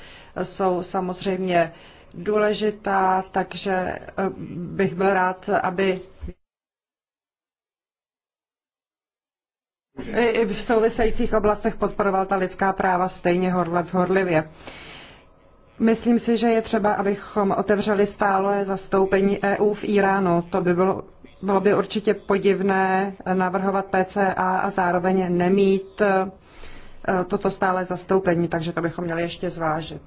jsou samozřejmě důležitá, takže eh, bych byl rád, aby i v souvisejících oblastech podporoval ta lidská práva stejně horlivě. Myslím si, že je třeba, abychom otevřeli stále zastoupení EU v Iránu. To by bylo, bylo by určitě podivné navrhovat PCA a zároveň nemít e, toto stále zastoupení, takže to bychom měli ještě zvážit.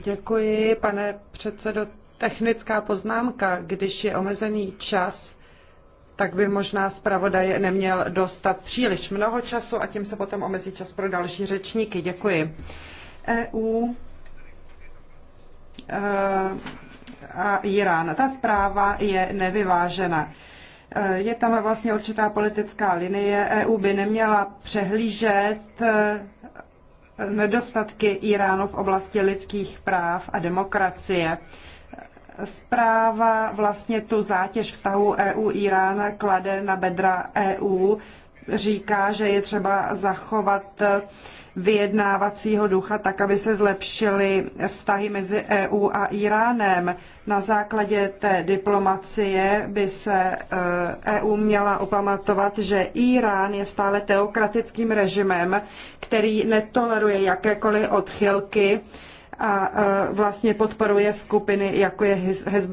Děkuji, pane předsedo. Technická poznámka, když je omezený čas, tak by možná zpravodaj neměl dostat příliš mnoho času a tím se potom omezí čas pro další řečníky. Děkuji. EU e, a Irán. Ta zpráva je nevyvážena. E, je tam vlastně určitá politická linie. EU by neměla přehlížet e, nedostatky Iránu v oblasti lidských práv a demokracie zpráva vlastně tu zátěž vztahu EU-Irán klade na bedra EU, říká, že je třeba zachovat vyjednávacího ducha tak, aby se zlepšily vztahy mezi EU a Iránem. Na základě té diplomacie by se EU eh, e měla opamatovat, že Irán je stále teokratickým režimem, který netoleruje jakékoliv odchylky a vlastně podporuje skupiny, jako je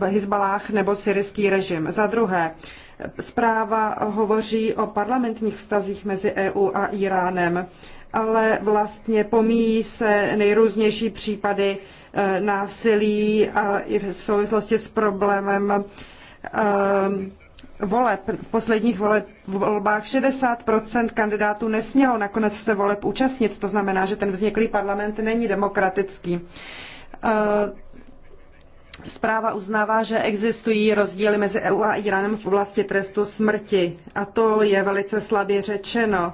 Hezbalách nebo syrský režim. Za druhé, zpráva hovoří o parlamentních vztazích mezi EU a Iránem, ale vlastně pomíjí se nejrůznější případy e, násilí a i v souvislosti s problémem um, voleb, v posledních voleb, volbách 60% kandidátů nesmělo nakonec se voleb účastnit. To znamená, že ten vzniklý parlament není demokratický. Eh, zpráva uznává, že existují rozdíly mezi EU a Iránem v oblasti trestu smrti. A to je velice slabě řečeno.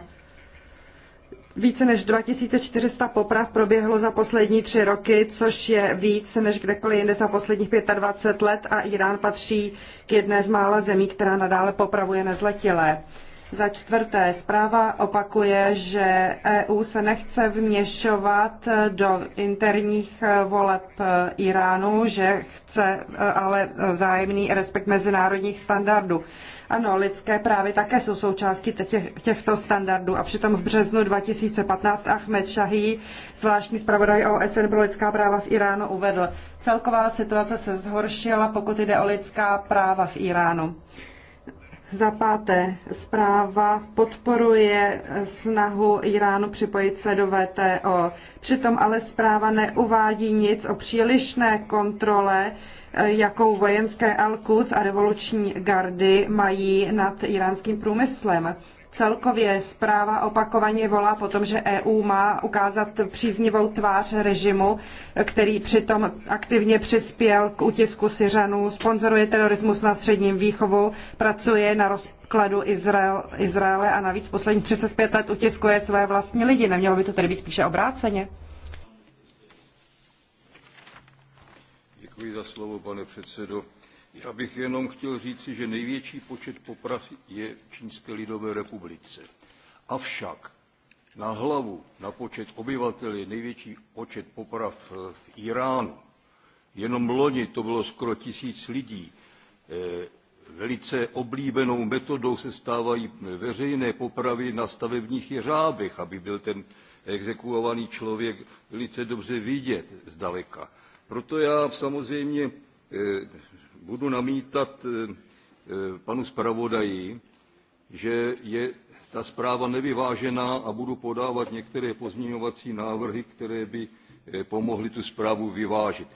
Více než 2400 poprav proběhlo za poslední tři roky, což je víc než kdekoliv jinde za posledních 25 let a Irán patří k jedné z mála zemí, která nadále popravuje nezletilé. Za čtvrté, zpráva opakuje, že EU se nechce vměšovat do interních eh, voleb eh, Iránu, že chce eh, ale vzájemný respekt mezinárodních standardů. Ano, lidské právy také jsou součástí těchto standardů a přitom v březnu 2015 Ahmed Shahi, zvláštní zpravodaj OSN pro lidská práva v Iránu, uvedl, celková situace se zhoršila, pokud jde o lidská práva v Iránu. Za páté, zpráva podporuje snahu Iránu připojit se do VTO. Přitom ale zpráva neuvádí nic o přílišné kontrole, eh, jakou vojenské al a revoluční gardy mají nad iránským průmyslem. Celkově zpráva opakovaně volá po tom, že EU má ukázat příznivou tvář režimu, který přitom aktivně přispěl k útisku Syřanů, sponzoruje terorismus na Středním výchovu, pracuje na rozkladu Izrael, Izraele a navíc posledních 35 let utiskuje své vlastní lidi. Nemělo by to tedy být spíše obráceně? Děkuji za slovo, pane předsedo já bych jenom chtěl říci, že největší počet poprav je v Čínské lidové republice. Avšak na hlavu, na počet obyvatel je největší počet poprav eh, v Iránu. Jenom loni to bylo skoro tisíc lidí. Eh, velice oblíbenou metodou se stávají veřejné popravy na stavebních jeřábech, aby byl ten exekuovaný člověk velice dobře vidět zdaleka. Proto já samozřejmě eh, budu namítat eh, eh, panu zpravodaji, že je ta zpráva nevyvážená a budu podávat některé pozměňovací návrhy, které by eh, pomohly tu zprávu vyvážit.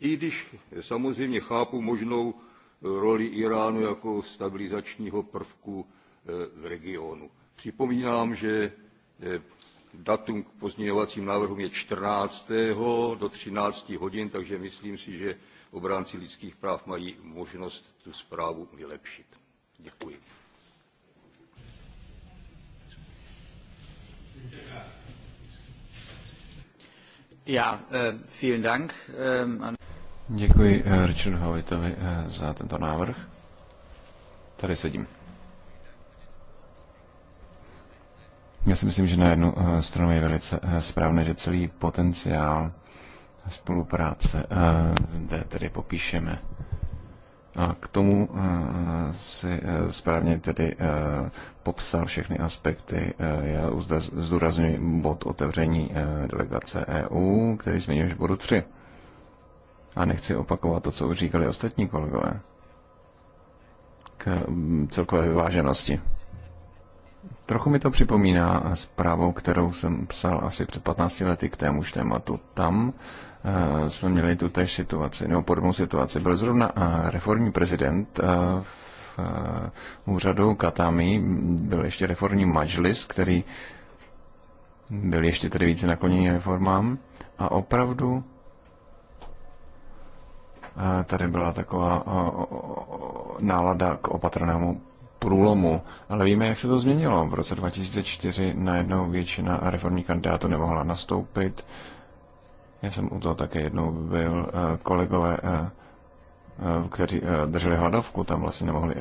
I když samozřejmě chápu možnou roli Iránu jako stabilizačního prvku v regionu. Připomínám, že datum k pozměňovacím návrhům je 14. do 13 hodin, takže myslím si, že obránci lidských práv mají možnost tu zprávu vylepšit. Děkuji. Já, eh, vielen Dank. Eh, Děkuji eh, Richard Hovitovi za tento návrh. Tady sedím. Já si myslím, že na jednu stranu je velice správné, že celý potenciál spolupráce eh, zde tedy popíšeme. A k tomu eh, si eh, správně tedy popsal všechny aspekty. Já zde zdůraznuju bod otevření delegace EU, který zmiňuješ v bodu 3. A nechci opakovat to, co už říkali ostatní kolegové k mm, celkové vyváženosti. Trochu mi to připomíná zprávu, kterou jsem psal asi před 15 lety k témuž tématu. Tam eh, jsme měli tu též situaci, nebo podobnou situaci. Byl zrovna eh, reformní prezident eh, v úřadu Katami, byl ještě reformní majlis, který byl ještě tedy více nakloněný reformám a opravdu tady byla taková nálada k opatrnému průlomu, ale víme, jak se to změnilo. V roce 2004 najednou většina reformních kandidátů nemohla nastoupit. Já jsem u toho také jednou byl. Eh, kolegové, eh, eh, kteří drželi hladovku, tam vlastně nemohli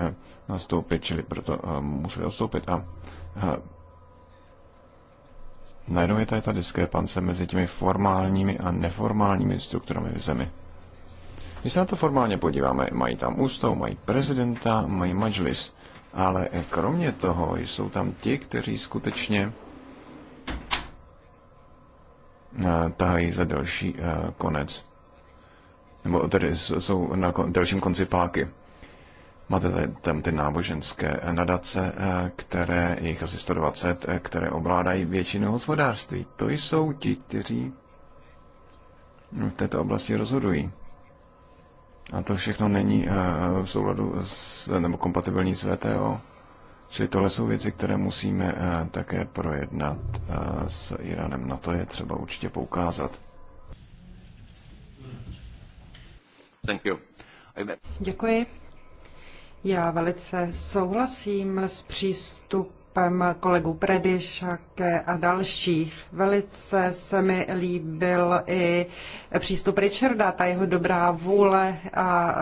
nastoupit, čili proto museli odstoupit. A najednou je tady ta diskrepance mezi těmi formálními a neformálními strukturami v zemi. Když se na to formálně podíváme, mají tam ústav, mají prezidenta, mají majlis. Ale kromě toho jsou tam ti, kteří skutečně eh, tahají za další eh, konec. Nebo tedy jsou na dalším konci páky. Máte tam ty náboženské eh, nadace, které, jejich asi 120, které ovládají většinu hospodářství. To jsou ti, kteří v této oblasti rozhodují. A to všechno není eh, v souladu s, nebo kompatibilní s VTO. Čili tohle jsou věci, které musíme eh, také projednat eh, s Iránem. Na to je třeba určitě poukázat. Thank you. Děkuji. Já velice souhlasím s přístupem přístupem kolegů Predy, a dalších. Velice se mi líbil i přístup Richarda, ta jeho dobrá vůle a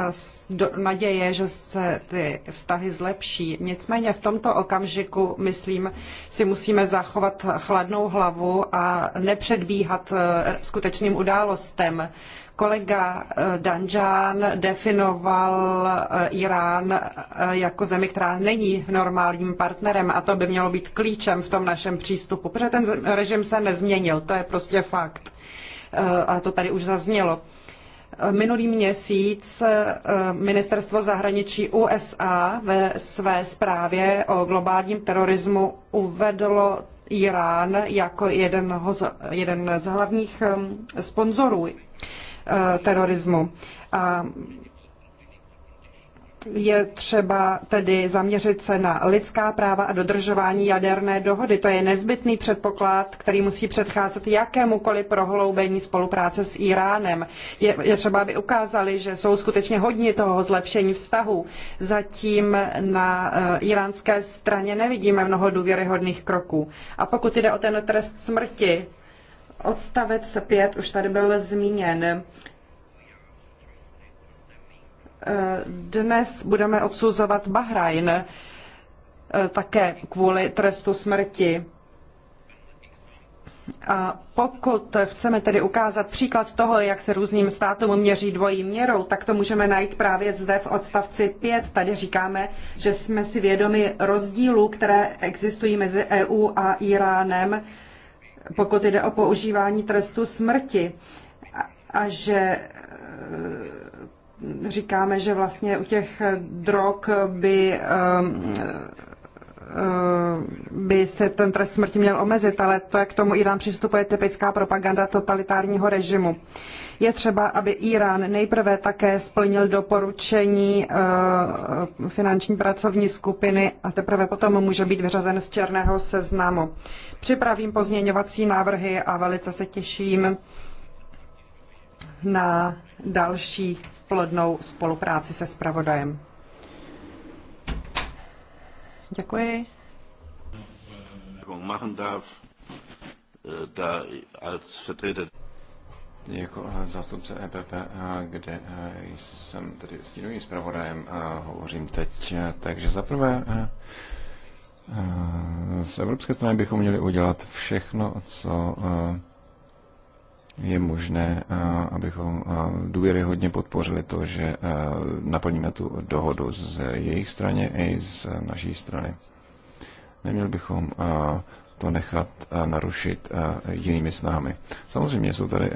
naděje, že se ty vztahy zlepší. Nicméně v tomto okamžiku, myslím, si musíme zachovat chladnou hlavu a nepředbíhat eh, skutečným událostem. Kolega eh, Danžán definoval eh, Irán eh, jako zemi, která není normálním partnerem a to by mělo být klíčem v tom našem přístupu, protože ten režim se nezměnil, to je prostě fakt. A to tady už zaznělo. Minulý měsíc ministerstvo zahraničí USA ve své zprávě o globálním terorismu uvedlo Irán jako jeden, z hlavních sponzorů Eh, terorismu. A je třeba tedy zaměřit se na lidská práva a dodržování jaderné dohody. To je nezbytný předpoklad, který musí předcházet jakémukoliv prohloubení spolupráce s Iránem. Je, je třeba, aby ukázali, že jsou skutečně hodně toho zlepšení vztahu. Zatím na uh, iránské straně nevidíme mnoho důvěryhodných kroků. A pokud jde o ten trest smrti, Odstavec 5 už tady byl zmíněn. Dnes budeme odsuzovat Bahrajn eh, také kvůli trestu smrti. A pokud chceme tedy ukázat příklad toho, jak se různým státům měří dvojí měrou, tak to můžeme najít právě zde v odstavci 5. Tady říkáme, že jsme si vědomi rozdílů, které existují mezi EU a Iránem pokud jde o používání trestu smrti a že e, říkáme, že vlastně u těch drog by e, by se ten trest smrti měl omezit, ale to, jak k tomu Irán přistupuje, typická propaganda totalitárního režimu. Je třeba, aby Irán nejprve také splnil doporučení eh, finanční pracovní skupiny a teprve potom může být vyřazen z černého seznamu. Připravím pozměňovací návrhy a velice se těším na další plodnou spolupráci se spravodajem. Děkuji. Jako, eh, jako eh, zástupce EPP, eh, kde jsem tedy tím zpravodajem a hovořím teď. Takže zaprvé z evropské strany bychom měli udělat všechno, co je možné, eh, abychom eh, důvěryhodně podpořili to, že eh, naplníme tu dohodu z jejich straně i z naší strany. Neměli bychom to nechat narušit jinými snahami. Samozřejmě jsou tady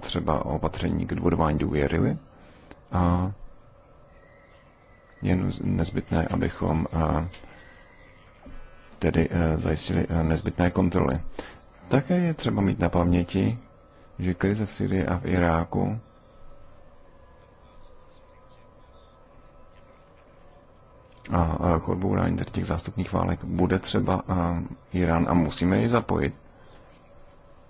třeba opatření k budování důvěry a je nezbytné, abychom tedy zajistili nezbytné kontroly. Také je třeba mít na paměti, že krize v Syrii a v Iráku a k odbourání těch zástupních válek bude třeba Irán a musíme ji zapojit.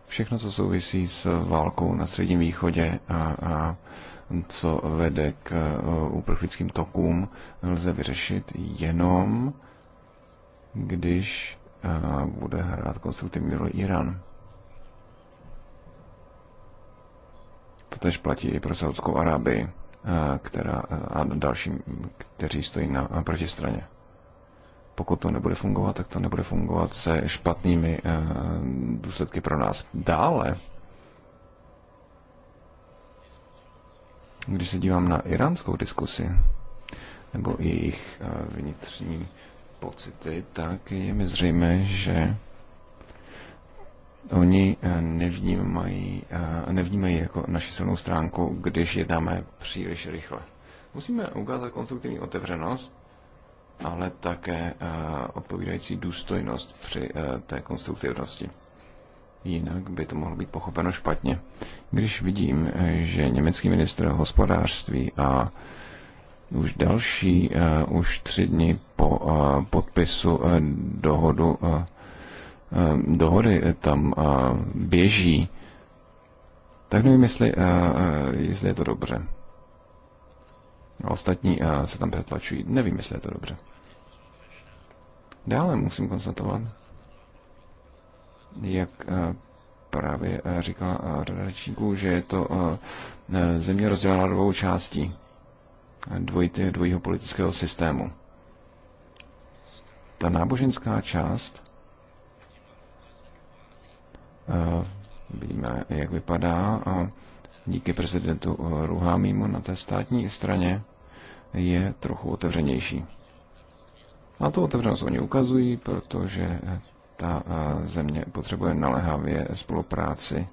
Všechno, co souvisí s válkou na Středním východě a, a co vede k e, uprchlickým tokům, lze vyřešit jenom, když bude hrát konstruktivní roli Irán. To tež platí i pro Saudskou Arábii která, a dalším, kteří stojí na protistraně. Pokud to nebude fungovat, tak to nebude fungovat se špatnými důsledky pro nás. Dále, když se dívám na iránskou diskusi, nebo jejich vnitřní pocity, tak je mi zřejmé, že oni eh, nevnímají, eh, nevnímají jako naši silnou stránku, když jednáme příliš rychle. Musíme ukázat konstruktivní otevřenost, ale také eh, odpovídající důstojnost při té konstruktivnosti. Jinak by to mohlo být pochopeno špatně. Když vidím, že německý ministr hospodářství a už další, uh, už tři dny po uh, podpisu uh, dohodu, uh, uh, dohody tam uh, běží. Tak nevím, jestli, uh, uh, jestli je to dobře. A ostatní uh, se tam přetlačují. Nevím, jestli je to dobře. Dále musím konstatovat, jak uh, právě říkala řada že je to země rozdělená dvou částí dvojité, dvojího politického systému. Ta náboženská část, eh, víme, jak vypadá, a díky prezidentu eh, Ruhámímu na té státní straně je trochu otevřenější. A to otevřenost oni ukazují, protože ta eh, země potřebuje naléhavě spolupráci,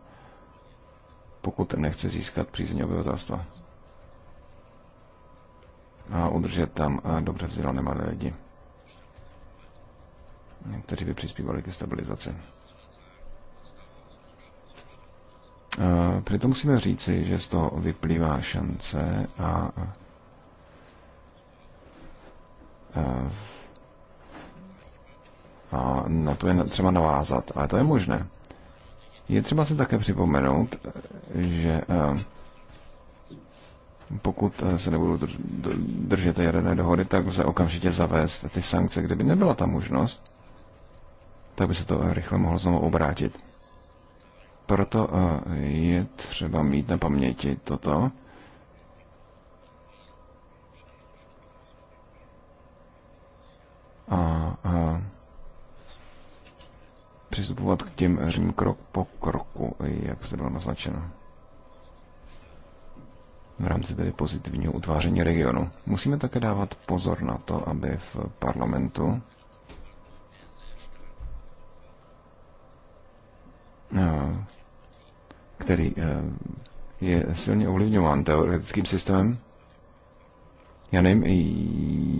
pokud nechce získat přízeň obyvatelstva a udržet tam dobře vzdělané mladé lidi, kteří by přispívali ke stabilizaci. Přitom musíme říci, že z toho vyplývá šance a a na to je třeba navázat. Ale to je možné. Je třeba si také připomenout, že pokud eh, se nebudou držet jaderné dohody, tak se okamžitě zavést ty sankce. Kdyby nebyla ta možnost, tak by se to eh, rychle mohlo znovu obrátit. Proto eh, je třeba mít na paměti toto. A, a přistupovat k těm řím krok po kroku, jak se bylo naznačeno v rámci tedy pozitivního utváření regionu. Musíme také dávat pozor na to, aby v parlamentu eh, který eh, je silně ovlivňován teoretickým systémem. Já nevím,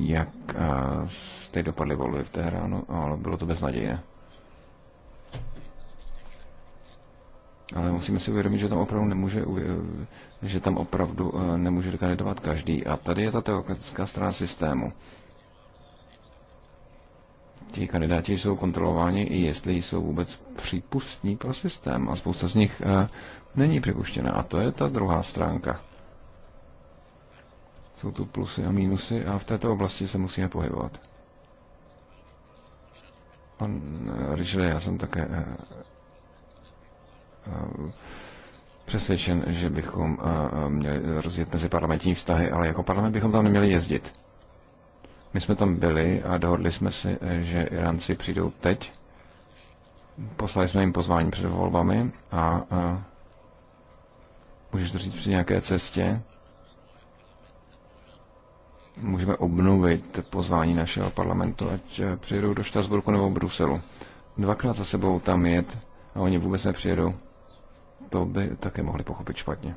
jak eh, jste dopadly volby v ráno, ale bylo to beznadějné. Ale musíme si uvědomit, že tam opravdu nemůže, že tam opravdu eh, nemůže kandidovat každý. A tady je ta teokratická strana systému. Ti kandidáti jsou kontrolováni, i jestli jsou vůbec přípustní pro systém. A spousta z nich eh, není připuštěna. A to je ta druhá stránka. Jsou tu plusy a mínusy a v této oblasti se musíme pohybovat. Pan eh, Richard, já jsem také Eh, přesvědčen, že bychom eh, měli rozvíjet mezi parlamentní vztahy, ale jako parlament bychom tam neměli jezdit. My jsme tam byli a dohodli jsme si, že Iránci přijdou teď. Poslali jsme jim pozvání před volbami a, a eh, můžeš to říct při nějaké cestě. Můžeme obnovit pozvání našeho parlamentu, ať přijedou do Štrasburku nebo Bruselu. Dvakrát za sebou tam jet a oni vůbec nepřijedou to by také mohli pochopit špatně.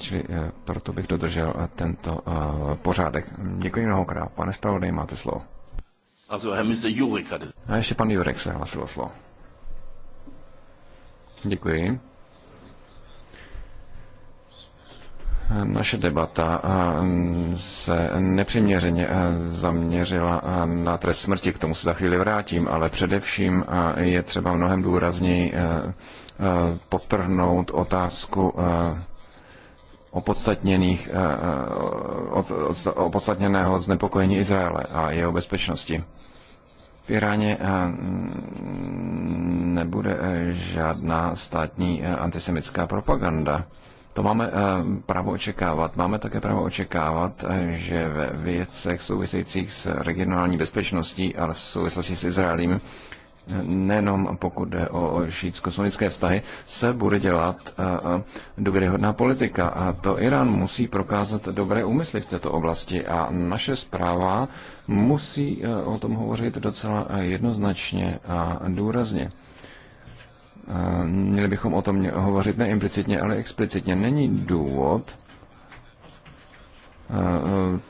Čili eh, proto bych dodržel eh, tento eh, pořádek. Děkuji mnohokrát. Pane zpravodaj, máte slovo. A ještě pan Jurek se hlasil o slovo. Děkuji. Naše debata eh, se nepřiměřeně eh, zaměřila eh, na trest smrti, k tomu se za chvíli vrátím, ale především je třeba mnohem důrazněji potrhnout otázku opodstatněných, opodstatněného znepokojení Izraele a jeho bezpečnosti. V Iráně nebude žádná státní antisemická propaganda. To máme eh, právo očekávat. Máme také právo očekávat, eh, že ve věcech souvisejících s regionální bezpečností, ale v souvislosti s Izraelem, eh, nejenom pokud jde o šítsko-sunnické vztahy, se bude dělat důvěryhodná politika. A to Irán musí prokázat dobré úmysly v této oblasti a naše zpráva musí o tom hovořit docela jednoznačně a důrazně. Eh, měli bychom o tom hovořit neimplicitně, ale explicitně. Není důvod eh, eh,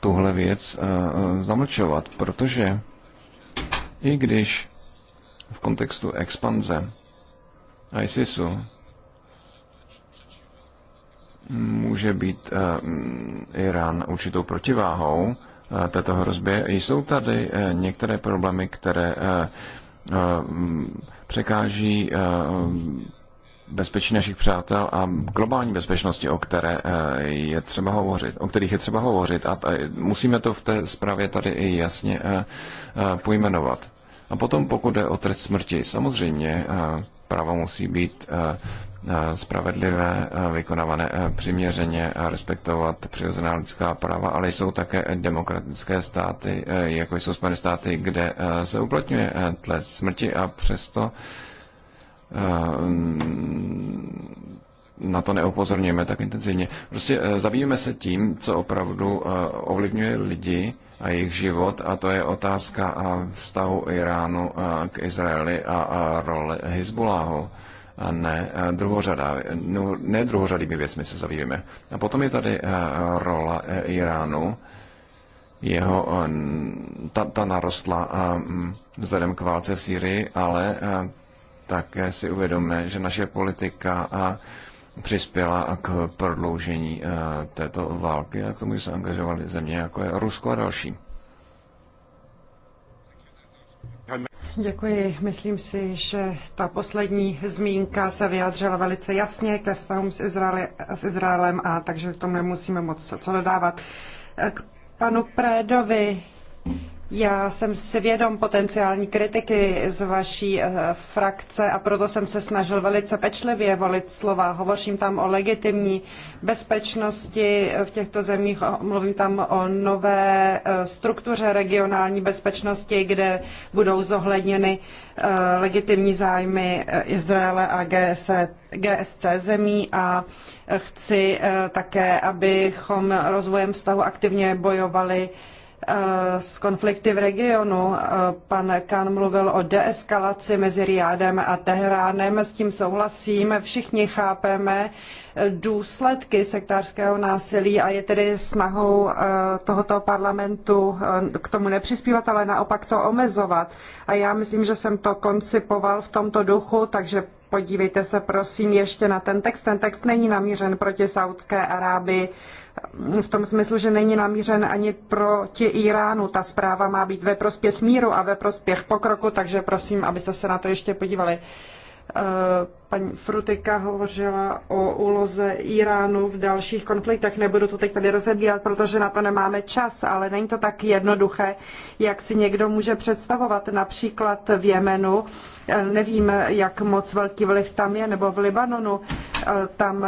tuhle věc zamlčovat, protože i když v kontextu expanze ISISu může být mm, Irán určitou protiváhou této hrozbě, jsou tady některé problémy, které Eh, mm, překáží eh, bezpečí našich přátel a globální bezpečnosti, o které eh, je třeba hovořit, o kterých je třeba hovořit. A musíme to v té zprávě tady i jasně pojmenovat. A potom, pokud jde o trest smrti, samozřejmě právo musí být Eh, spravedlivé, eh, vykonávané eh, přiměřeně a respektovat přirozená lidská práva, ale jsou také demokratické státy, jako jsou Spojené státy, kde se uplatňuje tle smrti a přesto na to neupozorňujeme tak intenzivně. Prostě zabývíme se tím, co opravdu ovlivňuje lidi a jejich život a to je otázka vztahu Iránu k Izraeli a role Hezbollahu a ne, eh, druhořada, no, ne druhořadými věcmi se zabývíme. A potom je tady eh, rola eh, Iránu, jeho, ta, ta narostla mm, vzhledem k válce v Sýrii, ale také si uvědomme, že naše politika a přispěla k prodloužení této války a k tomu, že se angažovaly země, jako je Rusko a další. Děkuji. Myslím si, že ta poslední zmínka se vyjádřila velice jasně ke vztahům s, Izraeli, s Izraelem a takže k tomu nemusíme moc co dodávat. K panu Prédovi já jsem si vědom potenciální kritiky z vaší eh, frakce a proto jsem se snažil velice pečlivě volit slova. Hovořím tam o legitimní bezpečnosti v těchto zemích, mluvím tam o nové eh, struktuře regionální bezpečnosti, kde budou zohledněny eh, legitimní zájmy Izraele a GS, e, GSC zemí a chci také, abychom rozvojem vztahu aktivně bojovali z eh, konflikty v regionu. Eh, pan Khan mluvil o deeskalaci mezi Riádem a Teheránem. S tím souhlasím. Všichni chápeme eh, důsledky sektářského násilí a je tedy snahou tohoto parlamentu k tomu nepřispívat, ale naopak to omezovat. A já myslím, že jsem to koncipoval v tomto duchu, takže Podívejte se prosím ještě na ten text. Ten text není namířen proti Saudské Arábii v tom smyslu, že není namířen ani proti Iránu. Ta zpráva má být ve prospěch míru a ve prospěch pokroku, takže prosím, abyste se na to ještě podívali. Eh, paní Frutika hovořila o úloze Iránu v dalších konfliktech. Nebudu to teď tady rozebírat, protože na to nemáme čas, ale není to tak jednoduché, jak si někdo může představovat. Například v Jemenu, eh, nevím, jak moc velký vliv tam je, nebo v Libanonu, eh, tam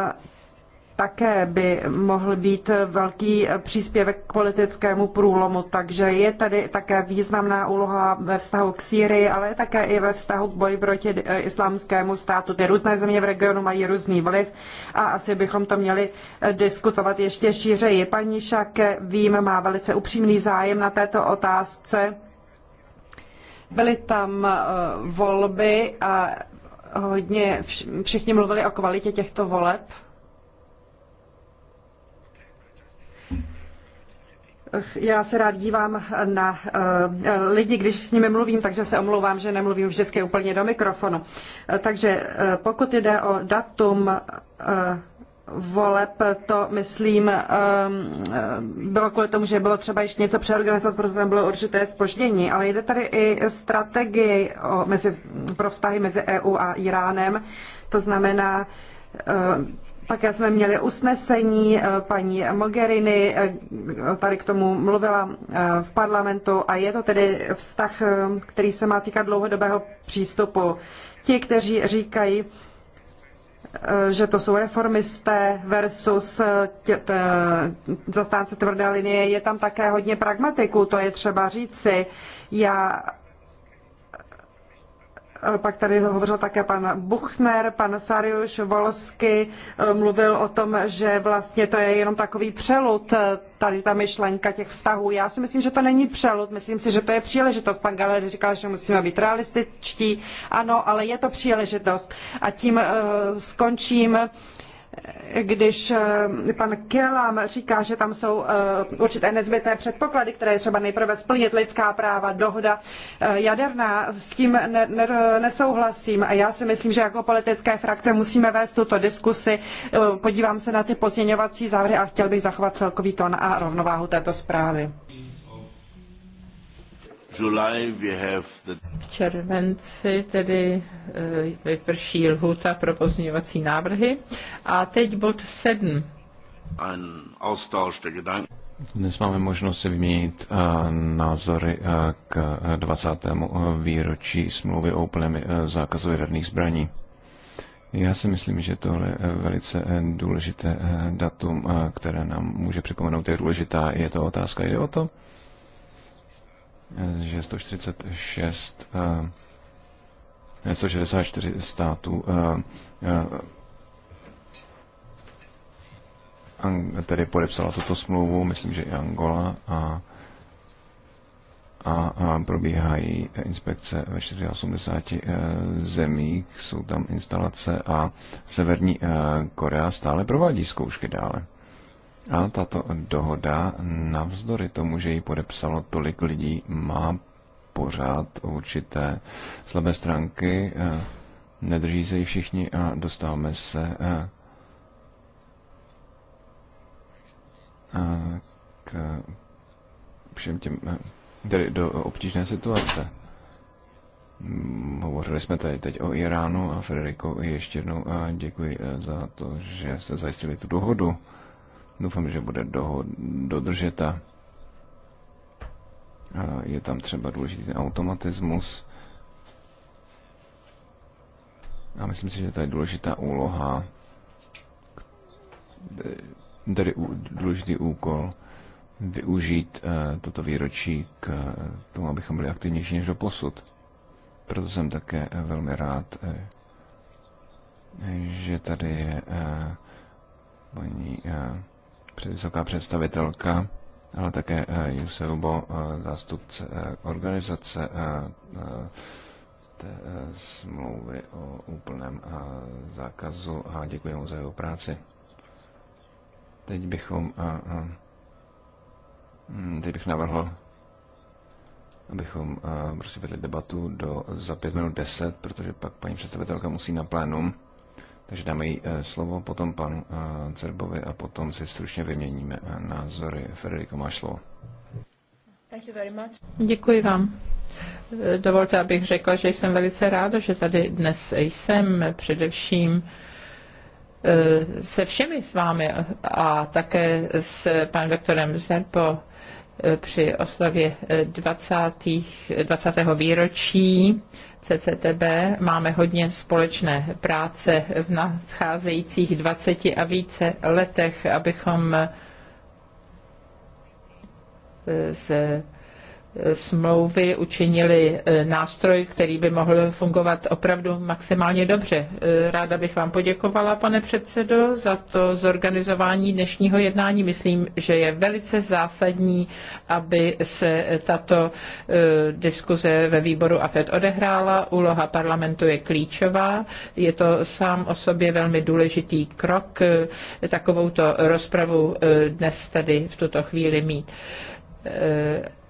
také by mohl být velký příspěvek k politickému průlomu, takže je tady také významná úloha ve vztahu k Sýrii, ale také i ve vztahu k boji proti islámskému státu. Ty různé země v regionu mají různý vliv a asi bychom to měli diskutovat ještě šířeji. Paní Šake, vím, má velice upřímný zájem na této otázce. Byly tam eh, volby a hodně všichni mluvili o kvalitě těchto voleb. Já se rád dívám na eh, lidi, když s nimi mluvím, takže se omlouvám, že nemluvím vždycky úplně do mikrofonu. Eh, takže eh, pokud jde o datum voleb, to myslím bylo kvůli tomu, že bylo třeba ještě něco přeorganizovat, proto tam bylo určité spoždění, ale jde tady i strategii o, mezi, pro vztahy mezi EU a Iránem, to znamená také jsme měli usnesení eh, paní Mogherini, eh, tady k tomu mluvila eh, v parlamentu a je to tedy vztah, který se má týkat dlouhodobého přístupu. Ti, kteří říkají, že to jsou reformisté versus tě, t, zastánce tvrdé linie. Je tam také hodně pragmatiků, to je třeba říci. Já pak tady hovořil také pan Buchner, pan Sariuš Volsky eh, mluvil o tom, že vlastně to je jenom takový přelud, eh, tady ta myšlenka těch vztahů. Já si myslím, že to není přelud, myslím si, že to je příležitost. Pan Galer říkal, že musíme být realističtí. Ano, ale je to příležitost. A tím uh, skončím. Uh, když eh, pan Kelam říká, že tam jsou eh, určité nezbytné předpoklady, které je třeba nejprve splnit lidská práva, dohoda eh, jaderná, s tím nesouhlasím a já si myslím, že jako politické frakce musíme vést tuto diskusi. Podívám se na ty pozměňovací závěry a chtěl bych zachovat celkový tón a rovnováhu této zprávy. V červenci tedy eh, vyprší lhuta pro pozměňovací návrhy. A teď bod 7. Dnes máme možnost si vyměnit eh, názory eh, k 20. výročí smlouvy o úplném zákazu jaderných zbraní. Já si myslím, že tohle je velice důležité datum, které nám může připomenout, jak důležitá je to otázka. Jde o to, že 146 164 eh, států eh, eh, tedy podepsala tuto smlouvu, myslím, že i Angola a, a, probíhají inspekce ve 84 zemích, jsou tam instalace a Severní Korea stále provádí zkoušky dále. A tato dohoda, navzdory tomu, že ji podepsalo tolik lidí, má pořád určité slabé stránky, eh, nedrží se ji všichni a dostáváme se eh, eh, k všem těm, tedy do obtížné situace. Hovořili jsme tady teď o Iránu a Federiku ještě jednou děkuji za to, že jste zajistili tu dohodu. Doufám, že bude dohod, dodržeta. A je tam třeba důležitý automatismus. A myslím si, že tady je důležitá úloha, tedy důležitý úkol, využít eh, toto výročí k eh, tomu, abychom byli aktivnější než do posud. Proto jsem také eh, velmi rád, že tady je paní vysoká představitelka, ale také eh, Juseubo, eh, zástupce eh, organizace té smlouvy o úplném zákazu a děkuji mu za jeho práci. Teď bychom hm, teď bych navrhl, abychom prostě vedli debatu do za pět minut deset, protože pak paní představitelka musí na plénum. Takže dáme jí eh, slovo potom panu eh, Cerbovi a potom si stručně vyměníme eh, názory. Federico, máš slovo. Děkuji vám. Dovolte, abych řekla, že jsem velice ráda, že tady dnes jsem především se všemi s vámi a také s panem doktorem Zerpo Eh, při oslavě 20. Eh, 20. Eh, výročí CCTB. Máme hodně společné práce v nadcházejících 20 a více letech, abychom z smlouvy učinili e, nástroj, který by mohl fungovat opravdu maximálně dobře. E, ráda bych vám poděkovala, pane předsedo, za to zorganizování dnešního jednání. Myslím, že je velice zásadní, aby se tato e, diskuze ve výboru AFED odehrála. Úloha parlamentu je klíčová. Je to sám o sobě velmi důležitý krok takovouto rozpravu dnes tady v tuto chvíli mít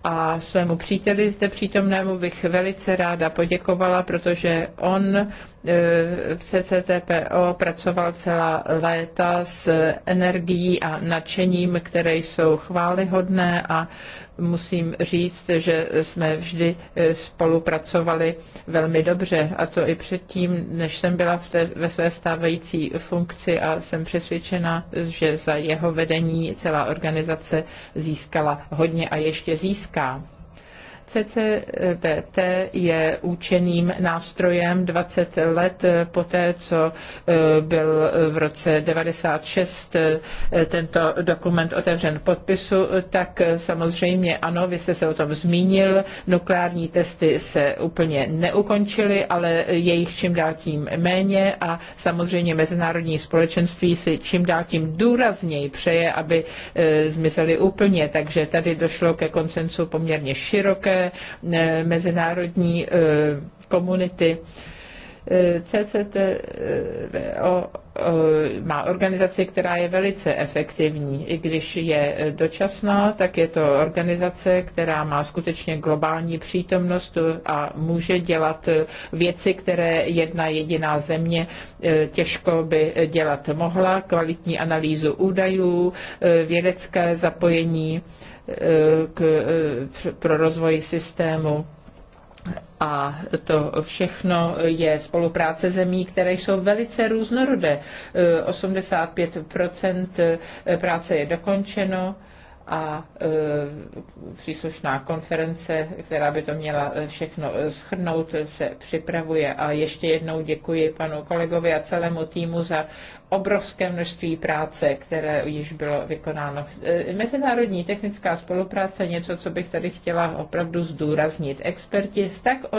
a svému příteli zde přítomnému bych velice ráda poděkovala, protože on Eh, CCTPO pracoval celá léta s energií a nadšením, které jsou chválihodné a musím říct, že jsme vždy eh, spolupracovali velmi dobře a to i předtím, než jsem byla v té, ve své stávající funkci a jsem přesvědčena, že za jeho vedení celá organizace získala hodně a ještě získá. CCBT je účinným nástrojem 20 let poté, co eh, byl v roce 96 eh, tento dokument otevřen podpisu, tak samozřejmě ano, vy jste se o tom zmínil, nukleární testy se úplně neukončily, ale je jich čím dál tím méně a samozřejmě mezinárodní společenství si čím dál tím důrazněji přeje, aby eh, zmizely úplně, takže tady došlo ke koncensu poměrně široké Eh, mezinárodní eh, komunity. Eh, CCTVO má organizaci, která je velice efektivní. I když je dočasná, tak je to organizace, která má skutečně globální přítomnost a může dělat věci, které jedna jediná země těžko by dělat mohla. Kvalitní analýzu údajů, vědecké zapojení Eh, k, eh, pro rozvoj systému. A to všechno je spolupráce zemí, které jsou velice různorodé. 85 eh, práce je dokončeno a příslušná konference, která by to měla všechno schrnout, se připravuje. A ještě jednou děkuji panu kolegovi a celému týmu za obrovské množství práce, které již bylo vykonáno. E, mezinárodní technická spolupráce je něco, co bych tady chtěla opravdu zdůraznit. Experti z tak e,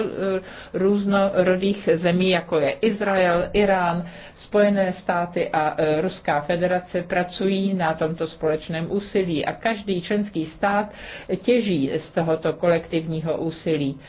různorodých zemí, jako je Izrael, Irán, Spojené státy a e, Ruská federace, pracují na tomto společném úsilí a každý členský stát těží z tohoto kolektivního úsilí.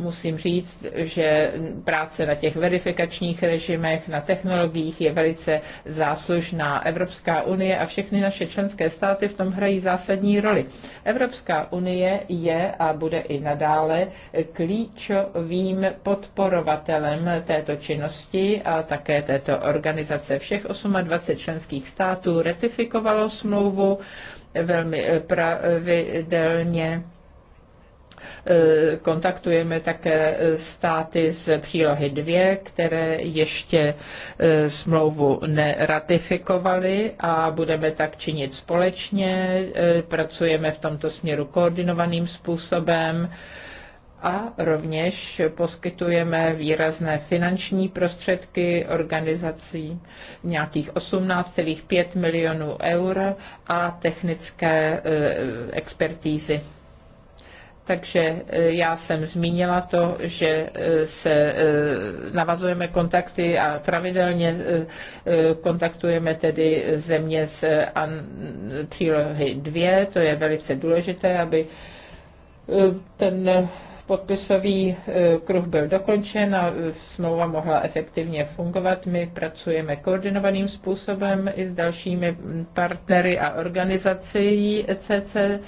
Musím říct, že práce na těch verifikačních režimech, na technologiích je velice záslužná. Evropská unie a všechny naše členské státy v tom hrají zásadní roli. Evropská unie je a bude i nadále klíčovým podporovatelem této činnosti a také této organizace. Všech 28 členských států ratifikovalo smlouvu velmi pravidelně Eh, kontaktujeme také eh, státy z přílohy 2, které ještě eh, smlouvu neratifikovaly a budeme tak činit společně. Pracujeme v tomto směru koordinovaným způsobem a rovněž poskytujeme výrazné finanční prostředky organizací nějakých 18,5 milionů eur a technické expertízy. Takže e, já jsem zmínila to, že e, se e, navazujeme kontakty a pravidelně kontaktujeme tedy země z přílohy 2. To je velice důležité, aby ten podpisový e, kruh byl dokončen a e, smlouva mohla efektivně fungovat. My pracujeme koordinovaným způsobem i s dalšími partnery a organizací ECCDTO.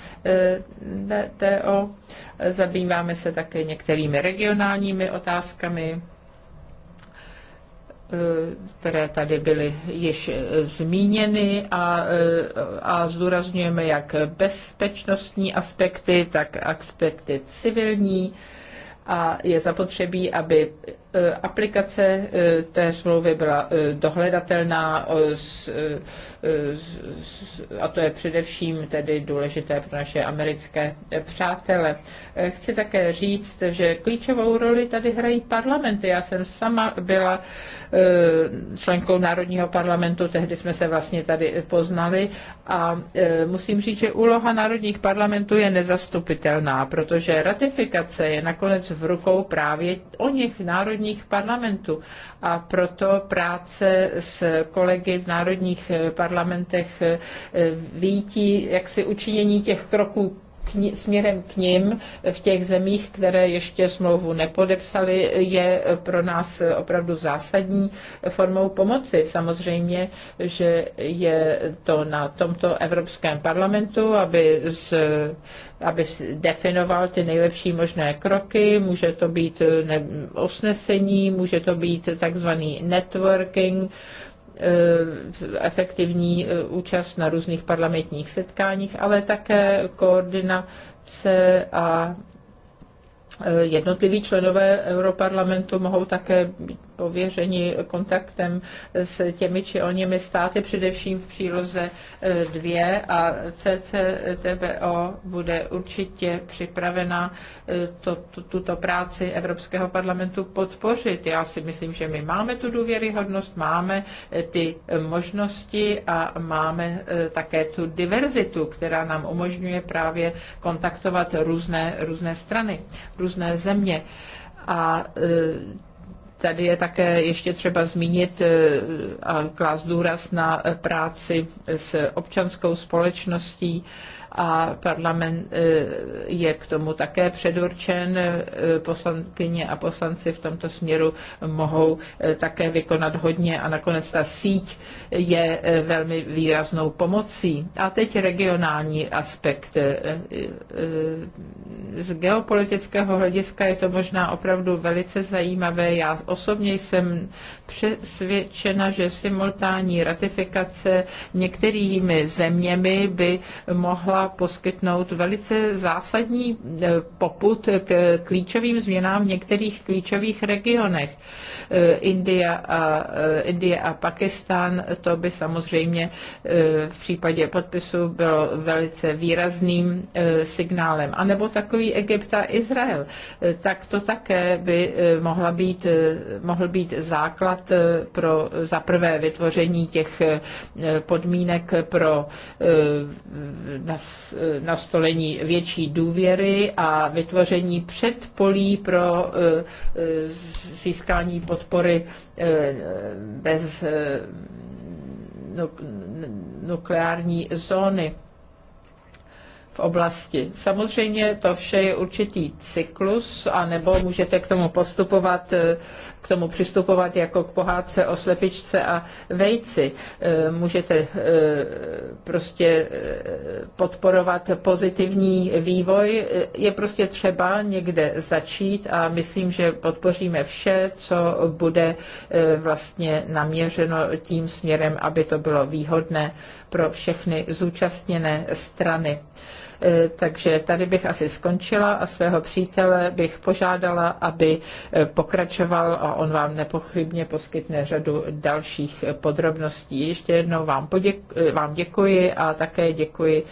Zabýváme se také některými regionálními otázkami Eh, které tady byly již eh, zmíněny a, eh, a zdůrazňujeme jak bezpečnostní aspekty, tak aspekty civilní a je zapotřebí, aby aplikace té smlouvy byla dohledatelná, a to je především tedy důležité pro naše americké eh, přátele. Eh, chci také říct, že klíčovou roli tady hrají parlamenty. Já jsem sama byla eh, členkou Národního parlamentu, tehdy jsme se vlastně tady poznali a musím říct, že úloha národních parlamentů je nezastupitelná, protože ratifikace je nakonec v rukou právě o nich národních parlamentů a proto práce s kolegy v národních parlamentech parlamentech eh, vítí jaksi učinění těch kroků k směrem k ním v těch zemích, které ještě smlouvu nepodepsali, je pro nás opravdu zásadní formou pomoci. Samozřejmě, že je to na tomto Evropském parlamentu, aby, z, aby definoval ty nejlepší možné kroky. Může to být usnesení, může to být takzvaný networking, Eh, efektivní eh, účast na různých parlamentních setkáních, ale také koordinace a eh, jednotliví členové Europarlamentu mohou také pověření kontaktem s těmi či oněmi státy, především v příloze 2 eh, a CCTBO bude určitě připravena eh, to, tu, tuto práci Evropského parlamentu podpořit. Já si myslím, že my máme tu důvěryhodnost, máme eh, ty možnosti a máme také tu diverzitu, která nám umožňuje právě kontaktovat různé, různé strany, různé země. A Tady je také ještě třeba zmínit eh, a klást důraz na práci s občanskou společností, a parlament e, je k tomu také předurčen. E, poslankyně a poslanci v tomto směru mohou e, také vykonat hodně a nakonec ta síť je velmi výraznou pomocí. A teď regionální aspekt. Z geopolitického hlediska je to možná opravdu velice zajímavé. Já osobně jsem přesvědčena, že simultánní ratifikace některými zeměmi by mohla poskytnout velice zásadní eh, poput k klíčovým změnám v některých klíčových regionech. Eh, India a, eh, India a Pakistan to by samozřejmě v případě podpisu bylo velice výrazným signálem. A nebo takový Egypt a Izrael, tak to také by mohla být, mohl být základ pro zaprvé vytvoření těch podmínek pro Eh, nastolení větší důvěry a vytvoření předpolí pro eh, získání podpory eh, bez nukleární zóny v oblasti. Samozřejmě to vše je určitý cyklus, anebo můžete k tomu postupovat k tomu přistupovat jako k pohádce o slepičce a vejci. E, můžete e, prostě e, podporovat pozitivní vývoj. Je prostě třeba někde začít a myslím, že podpoříme vše, co bude vlastně naměřeno tím směrem, aby to bylo výhodné pro všechny zúčastněné strany. Eh, takže tady bych asi skončila a svého přítele bych požádala, aby eh, pokračoval a on vám nepochybně poskytne řadu dalších eh, podrobností. Ještě jednou vám, poděku, vám děkuji a také děkuji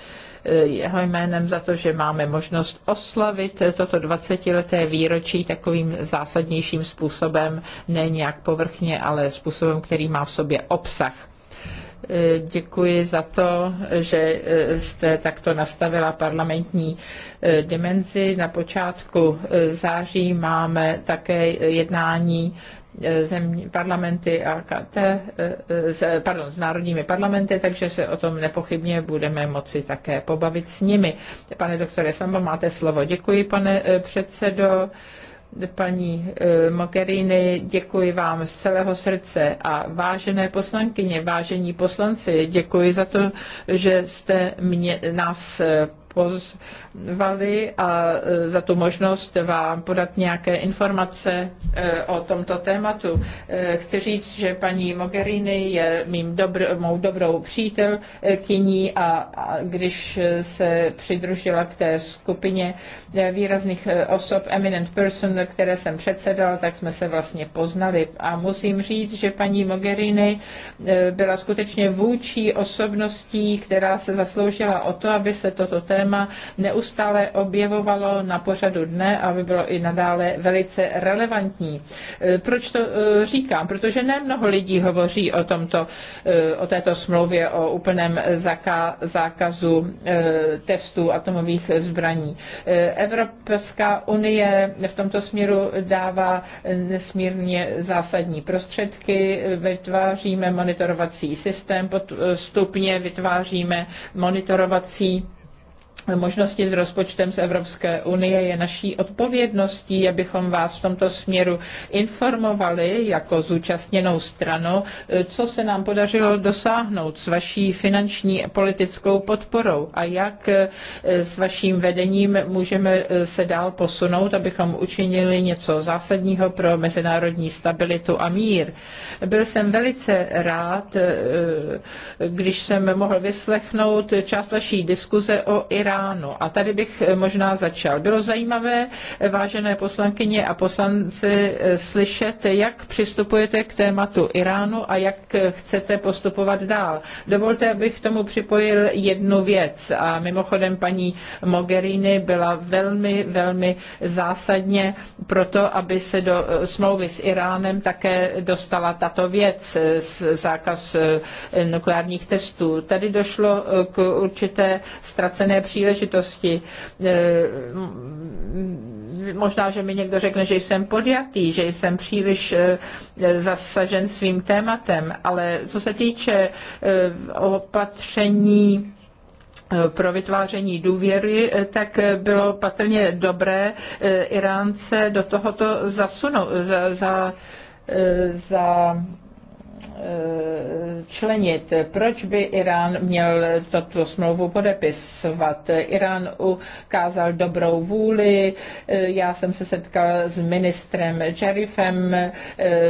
jeho jménem za to, že máme možnost oslavit toto 20-leté výročí takovým zásadnějším způsobem, ne nějak povrchně, ale způsobem, který má v sobě obsah. Děkuji za to, že eh, jste takto nastavila parlamentní eh, dimenzi. Na počátku eh, září máme také jednání zemí, parlamenty AKT, pardon, s národními parlamenty, takže se o tom nepochybně budeme moci také pobavit s nimi. Pane doktore Samba, máte slovo. Děkuji, pane předsedo paní eh, Mogherini, děkuji vám z celého srdce a vážené poslankyně, vážení poslanci, děkuji za to, že jste mě, nás eh, poz, Vali a e, za tu možnost vám podat nějaké informace e, o tomto tématu. E, chci říct, že paní Mogherini je mým dobr, mou dobrou přítelkyní a, a když se přidružila k té skupině výrazných osob, eminent person, které jsem předsedal, tak jsme se vlastně poznali. A musím říct, že paní Mogherini byla skutečně vůči osobností, která se zasloužila o to, aby se toto téma neustále neustále objevovalo na pořadu dne a by bylo i nadále velice relevantní. E, proč to e, říkám? Protože nemnoho lidí hovoří o, tomto, e, o této smlouvě o úplném zákazu testů atomových zbraní. Evropská unie v tomto směru dává nesmírně zásadní prostředky, vytváříme monitorovací systém, postupně vytváříme monitorovací možnosti s rozpočtem z Evropské unie. Je naší odpovědností, abychom vás v tomto směru informovali jako zúčastněnou stranu, eh, co se nám podařilo dosáhnout s vaší finanční politickou podporou a jak eh, s vaším vedením můžeme eh, se dál posunout, abychom učinili něco zásadního pro mezinárodní stabilitu a mír. Byl jsem velice rád, když jsem mohl vyslechnout část vaší diskuze o Iránu. A tady bych eh, možná začal. Bylo zajímavé, eh, vážené poslankyně a poslanci, eh, slyšet, jak přistupujete k tématu Iránu a jak chcete postupovat dál. Dovolte, abych k tomu připojil jednu věc. A mimochodem paní Mogherini byla velmi, velmi zásadně proto, aby se do smlouvy s Iránem také dostala tato věc, zákaz nukleárních testů. Tady došlo k určité ztracené příležitosti. E, možná, že mi někdo řekne, že jsem podjatý, že jsem příliš e, zasažen svým tématem, ale co se týče e, opatření, pro vytváření důvěry, tak bylo patrně dobré Iránce do tohoto zasunout, za, za, za členit. Proč by Irán měl tuto smlouvu podepisovat? Irán ukázal dobrou vůli. Já jsem se setkal s ministrem Jarifem,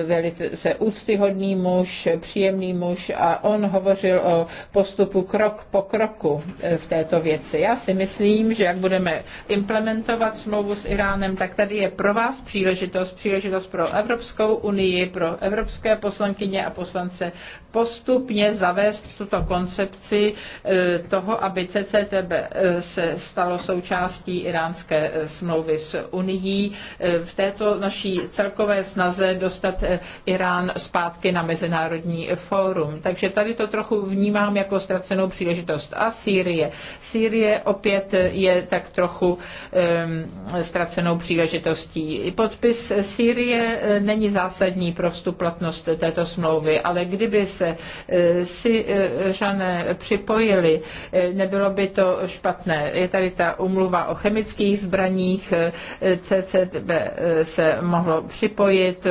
velice úctyhodný muž, příjemný muž a on hovořil o postupu krok po kroku v této věci. Já si myslím, že jak budeme implementovat smlouvu s Iránem, tak tady je pro vás příležitost, příležitost pro Evropskou unii, pro evropské poslankyně a poslankyně poslance postupně zavést tuto koncepci e, toho, aby CCTB e, se stalo součástí iránské e, smlouvy s Unií. V této naší celkové snaze dostat Irán zpátky na mezinárodní fórum. Takže tady to trochu vnímám jako ztracenou příležitost. A Sýrie. Sýrie opět je tak trochu um, ztracenou příležitostí. Podpis Sýrie není zásadní pro vstup platnost této smlouvy smlouvy, ale kdyby se eh, Syřané připojili, eh, nebylo by to špatné. Je tady ta umluva o chemických zbraních, eh, CCB se mohlo připojit,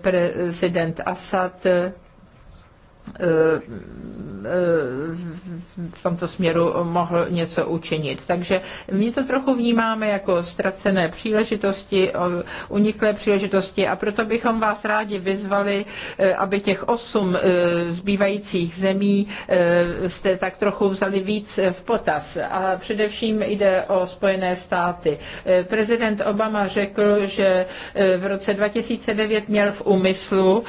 prezident Assad v tomto směru mohl něco učinit. Takže my to trochu vnímáme jako ztracené příležitosti, uniklé příležitosti a proto bychom vás rádi vyzvali, eh, aby těch osm eh, zbývajících zemí eh, jste tak trochu vzali víc v potaz. A především jde o Spojené státy. Prezident Obama řekl, že v roce 2009 měl v úmyslu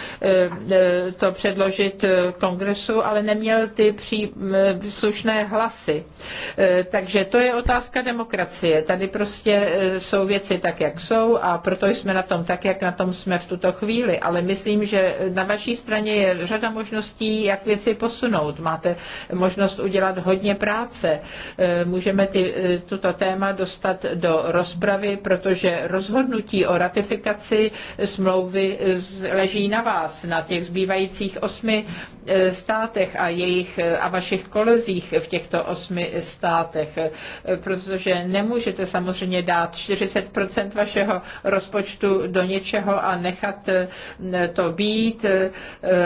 to předložit kongresu, ale neměl ty příslušné hlasy. E, takže to je otázka demokracie. Tady prostě e, jsou věci tak, jak jsou a proto jsme na tom tak, jak na tom jsme v tuto chvíli. Ale myslím, že na vaší straně je řada možností, jak věci posunout. Máte možnost udělat hodně práce. E, můžeme ty, tuto téma dostat do rozpravy, protože rozhodnutí o ratifikaci smlouvy leží na vás, na těch zbývajících osmi Eh, státech a jejich eh, a vašich kolezích v těchto osmi státech, eh, protože nemůžete samozřejmě dát 40% vašeho rozpočtu do něčeho a nechat to být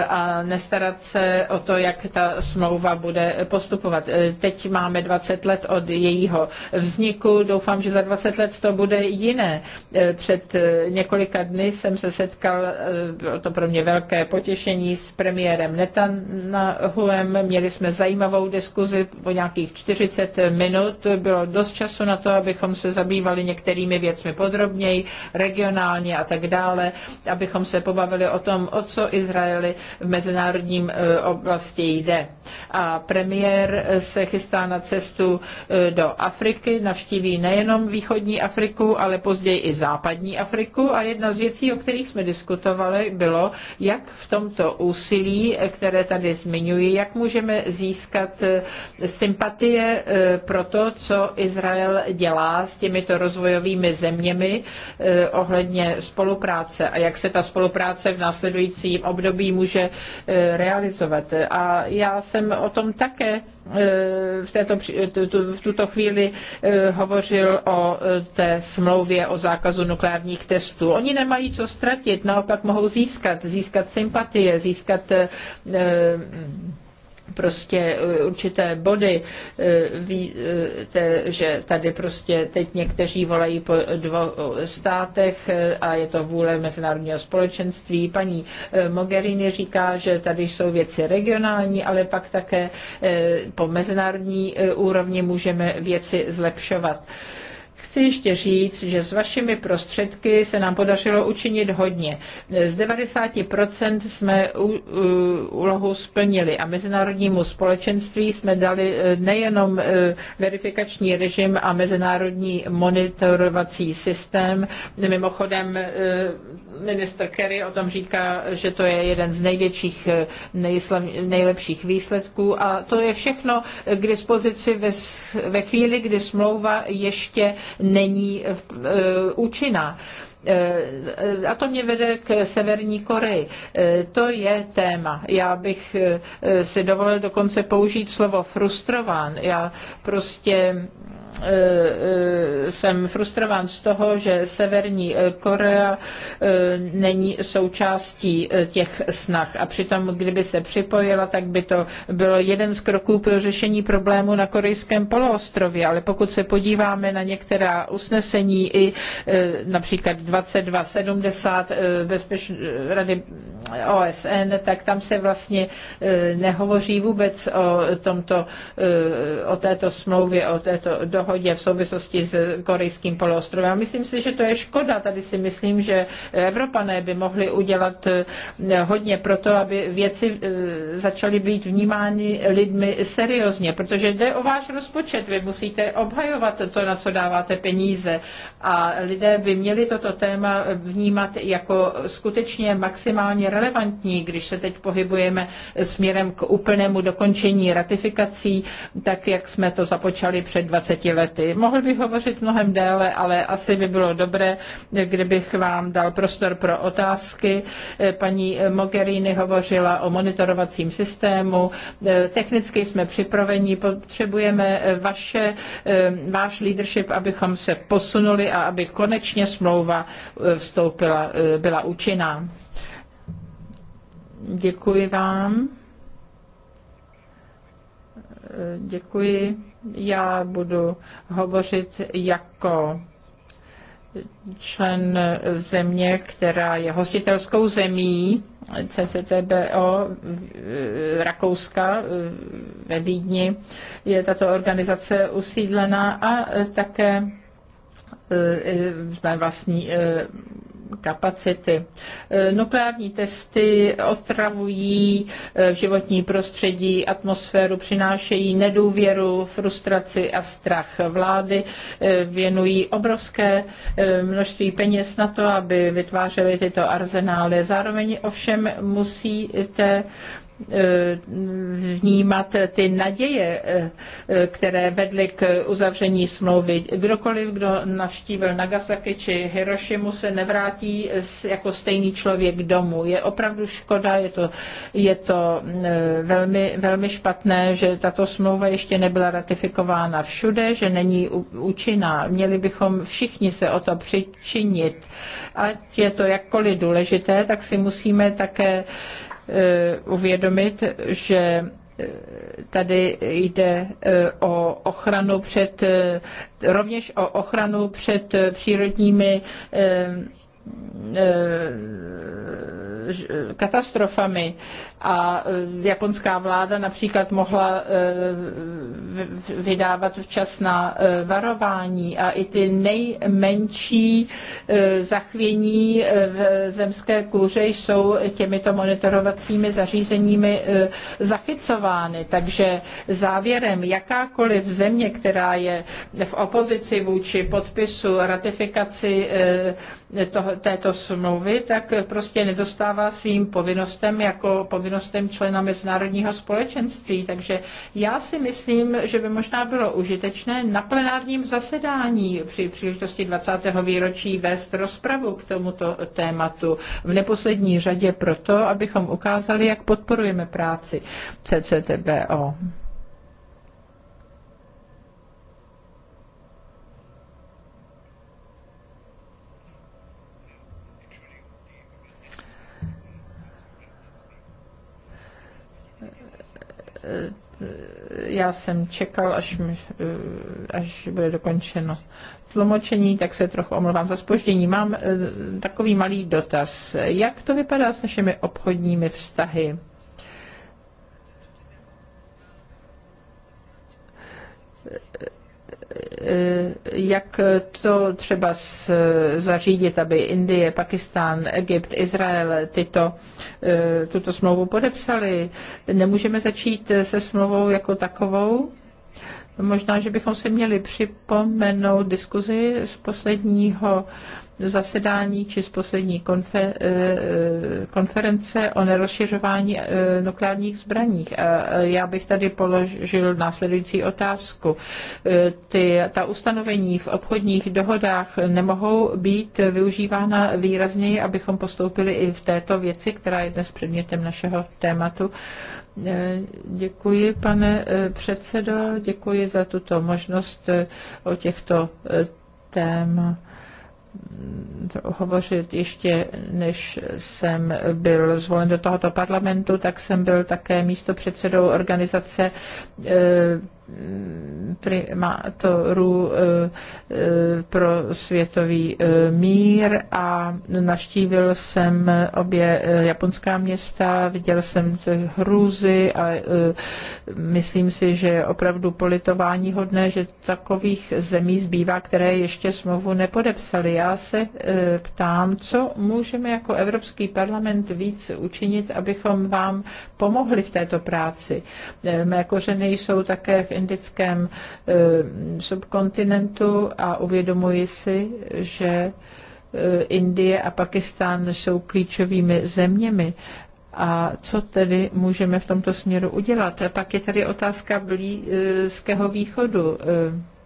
a nestarat se o to, jak ta smlouva bude postupovat. Teď máme 20 let od jejího vzniku, doufám, že za 20 let to bude jiné. Před několika dny jsem se setkal, to pro mě velké potěšení, s premiérem Neta na Hulem, Měli jsme zajímavou diskuzi po nějakých 40 minut. Bylo dost času na to, abychom se zabývali některými věcmi podrobněji, regionálně a tak dále, abychom se pobavili o tom, o co Izraeli v mezinárodním e, oblasti jde. A premiér se chystá na cestu e, do Afriky, navštíví nejenom východní Afriku, ale později i západní Afriku. A jedna z věcí, o kterých jsme diskutovali, bylo, jak v tomto úsilí, které které tady zmiňuji, jak můžeme získat eh, sympatie eh, pro to, co Izrael dělá s těmito rozvojovými zeměmi eh, ohledně spolupráce a jak se ta spolupráce v následujícím období může realizovat. A já jsem o tom také Eh, v, této, eh, v tuto chvíli eh, hovořil o té smlouvě o zákazu nukleárních testů. Oni nemají co ztratit, naopak mohou získat, získat sympatie, získat prostě e, určité body, e, víte, že tady prostě teď někteří volají po dvou státech e, a je to vůle mezinárodního společenství. Paní Mogherini říká, že tady jsou věci regionální, ale pak také po mezinárodní úrovni můžeme věci zlepšovat. Chci ještě říct, že s vašimi prostředky se nám podařilo učinit hodně. Z 90% jsme úlohu splnili a mezinárodnímu společenství jsme dali eh, nejenom eh, verifikační režim a mezinárodní monitorovací systém. Mimochodem eh, minister Kerry o tom říká, že to je jeden z největších, nejlepších výsledků a to je všechno k dispozici ve, ve chvíli, kdy smlouva ještě není eh, účinná. Eh, a to mě vede k Severní Koreji. Eh, to je téma. Já bych eh, si dovolil dokonce použít slovo frustrován. Já prostě jsem frustrován z toho, že Severní Korea není součástí těch snah. A přitom, kdyby se připojila, tak by to bylo jeden z kroků pro řešení problému na korejském poloostrově. Ale pokud se podíváme na některá usnesení i například 2270 eh, bezpeč... Eh, Rady OSN, tak tam se vlastně eh, nehovoří vůbec o, tomto, o této smlouvě, o této dohodě v souvislosti s korejským poloostrovem. myslím si, že to je škoda. Tady si myslím, že Evropané by mohli udělat hodně pro to, aby věci začaly být vnímány lidmi seriózně, protože jde o váš rozpočet. Vy musíte obhajovat to, na co dáváte peníze. A lidé by měli toto téma vnímat jako skutečně maximálně relevantní, když se teď pohybujeme směrem k úplnému dokončení ratifikací, tak jak jsme to započali před 20 lety. Mohl bych hovořit mnohem déle, ale asi by bylo dobré, kdybych vám dal prostor pro otázky. Paní Mogherini hovořila o monitorovacím systému. Technicky jsme připraveni, potřebujeme vaše, eh, váš leadership, abychom se posunuli a aby konečně smlouva Eh, vstoupila, eh, byla účinná. Děkuji vám. Eh, děkuji. Já budu hovořit jako člen země, která je hostitelskou zemí CCTBO Rakouska ve Vídni. Je tato organizace usídlena a také jsme vlastní e, kapacity. E, nukleární testy otravují e, životní prostředí, atmosféru, přinášejí nedůvěru, frustraci a strach. Vlády věnují obrovské množství peněz na to, aby vytvářely tyto arzenály. Zároveň ovšem musíte vnímat ty naděje, eh, které vedly k uzavření smlouvy. Kdokoliv, kdo navštívil Nagasaki či Hirošimu, se nevrátí jako stejný člověk domů. Je opravdu škoda, je to, je to eh, velmi, velmi špatné, že tato smlouva ještě nebyla ratifikována všude, že není účinná. Měli bychom všichni se o to přičinit. Ať je to jakkoliv důležité, tak si musíme také Eh, uvědomit, že eh, tady jde eh, o ochranu před, rovněž o ochranu před přírodními E, katastrofami a e, japonská vláda například mohla e, vydávat včasná varování a i ty nejmenší zachvění v zemské kůře jsou těmito monitorovacími zařízeními zachycovány. Takže závěrem jakákoliv země, která je v opozici vůči podpisu ratifikaci toho, této smlouvy, tak prostě nedostává svým povinnostem jako povinnostem člena mezinárodního společenství. Takže já si myslím, že by možná bylo užitečné na plenárním zasedání při příležitosti 20. výročí vést rozpravu k tomuto tématu. V neposlední řadě proto, abychom ukázali, jak podporujeme práci CCTBO. já jsem čekal, až, až bude dokončeno tlumočení, tak se trochu omlouvám za spoždění. Mám eh, takový malý dotaz. Jak to vypadá s našimi obchodními vztahy? Eh, jak to třeba zařídit, aby Indie, Pakistán, Egypt, Izrael tyto, eh, tuto smlouvu podepsali. Nemůžeme začít se smlouvou jako takovou. Možná, že bychom si měli připomenout diskuzi z posledního zasedání či z poslední eh, konference o nerozšiřování eh, nukleárních zbraních. A eh, já bych tady položil následující otázku. Ty, ta ustanovení v obchodních dohodách nemohou být využívána výrazněji, abychom postoupili i v této věci, která je dnes předmětem našeho tématu. Děkuji, pane předsedo, děkuji za tuto možnost o těchto témat hovořit ještě, než jsem byl zvolen do tohoto parlamentu, tak jsem byl také místo předsedou organizace eh, primátorů eh, eh, pro světový eh, mír a navštívil jsem obě japonská města, viděl jsem hrůzy a myslím si, že je opravdu politování hodné, že takových zemí zbývá, které ještě smlouvu nepodepsali. Já se ptám, co můžeme jako Evropský parlament víc učinit, abychom vám pomohli v této práci. Mé kořeny jsou také v indickém eh, subkontinentu a uvědomuji si, že eh, Indie a Pakistán jsou klíčovými zeměmi. A co tedy můžeme v tomto směru udělat? A pak je tady otázka Blízkého východu. Eh,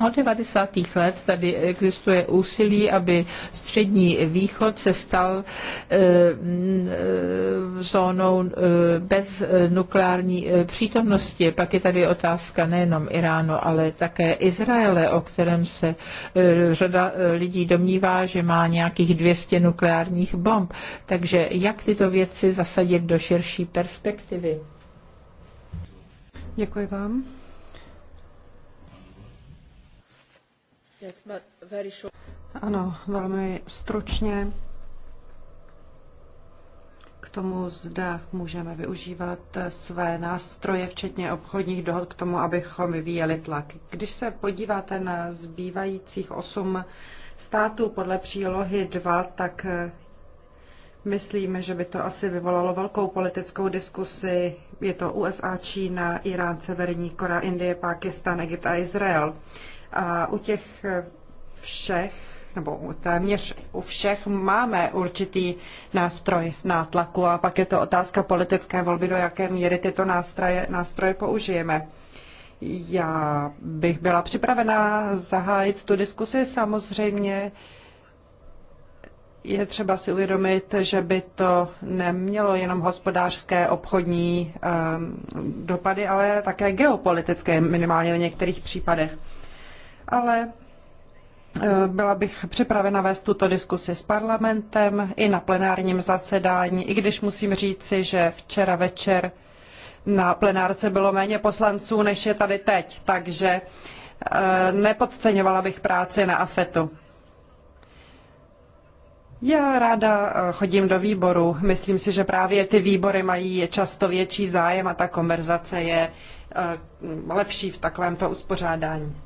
od 90. let tady existuje úsilí, aby střední východ se stal eh, eh, zónou eh, bez nukleární přítomnosti. Pak je tady otázka nejenom Iránu, ale také Izraele, o kterém se řada lidí domnívá, že má nějakých 200 nukleárních bomb. Takže jak tyto věci zasadit do širší perspektivy? Děkuji vám. Ano, velmi stručně k tomu, zda můžeme využívat své nástroje, včetně obchodních dohod, k tomu, abychom vyvíjeli tlak. Když se podíváte na zbývajících osm států podle přílohy 2, tak eh, myslíme, že by to asi vyvolalo velkou politickou diskusi. Je to USA, Čína, Irán, Severní Korea, Indie, Pákistán, Egypt a Izrael. A u těch eh, všech, nebo téměř u všech máme určitý nástroj nátlaku a pak je to otázka politické volby, do jaké míry tyto nástroje, nástroje použijeme. Já bych byla připravená zahájit tu diskusi samozřejmě, je třeba si uvědomit, že by to nemělo jenom hospodářské, obchodní um, dopady, ale také geopolitické, minimálně v některých případech ale eh, byla bych připravena vést tuto diskusi s parlamentem i na plenárním zasedání, i když musím říci, že včera večer na plenárce bylo méně poslanců, než je tady teď, takže eh, nepodceňovala bych práci na AFETu. Já ráda eh, chodím do výboru. Myslím si, že právě ty výbory mají často větší zájem a ta konverzace je lepší v takovémto uspořádání.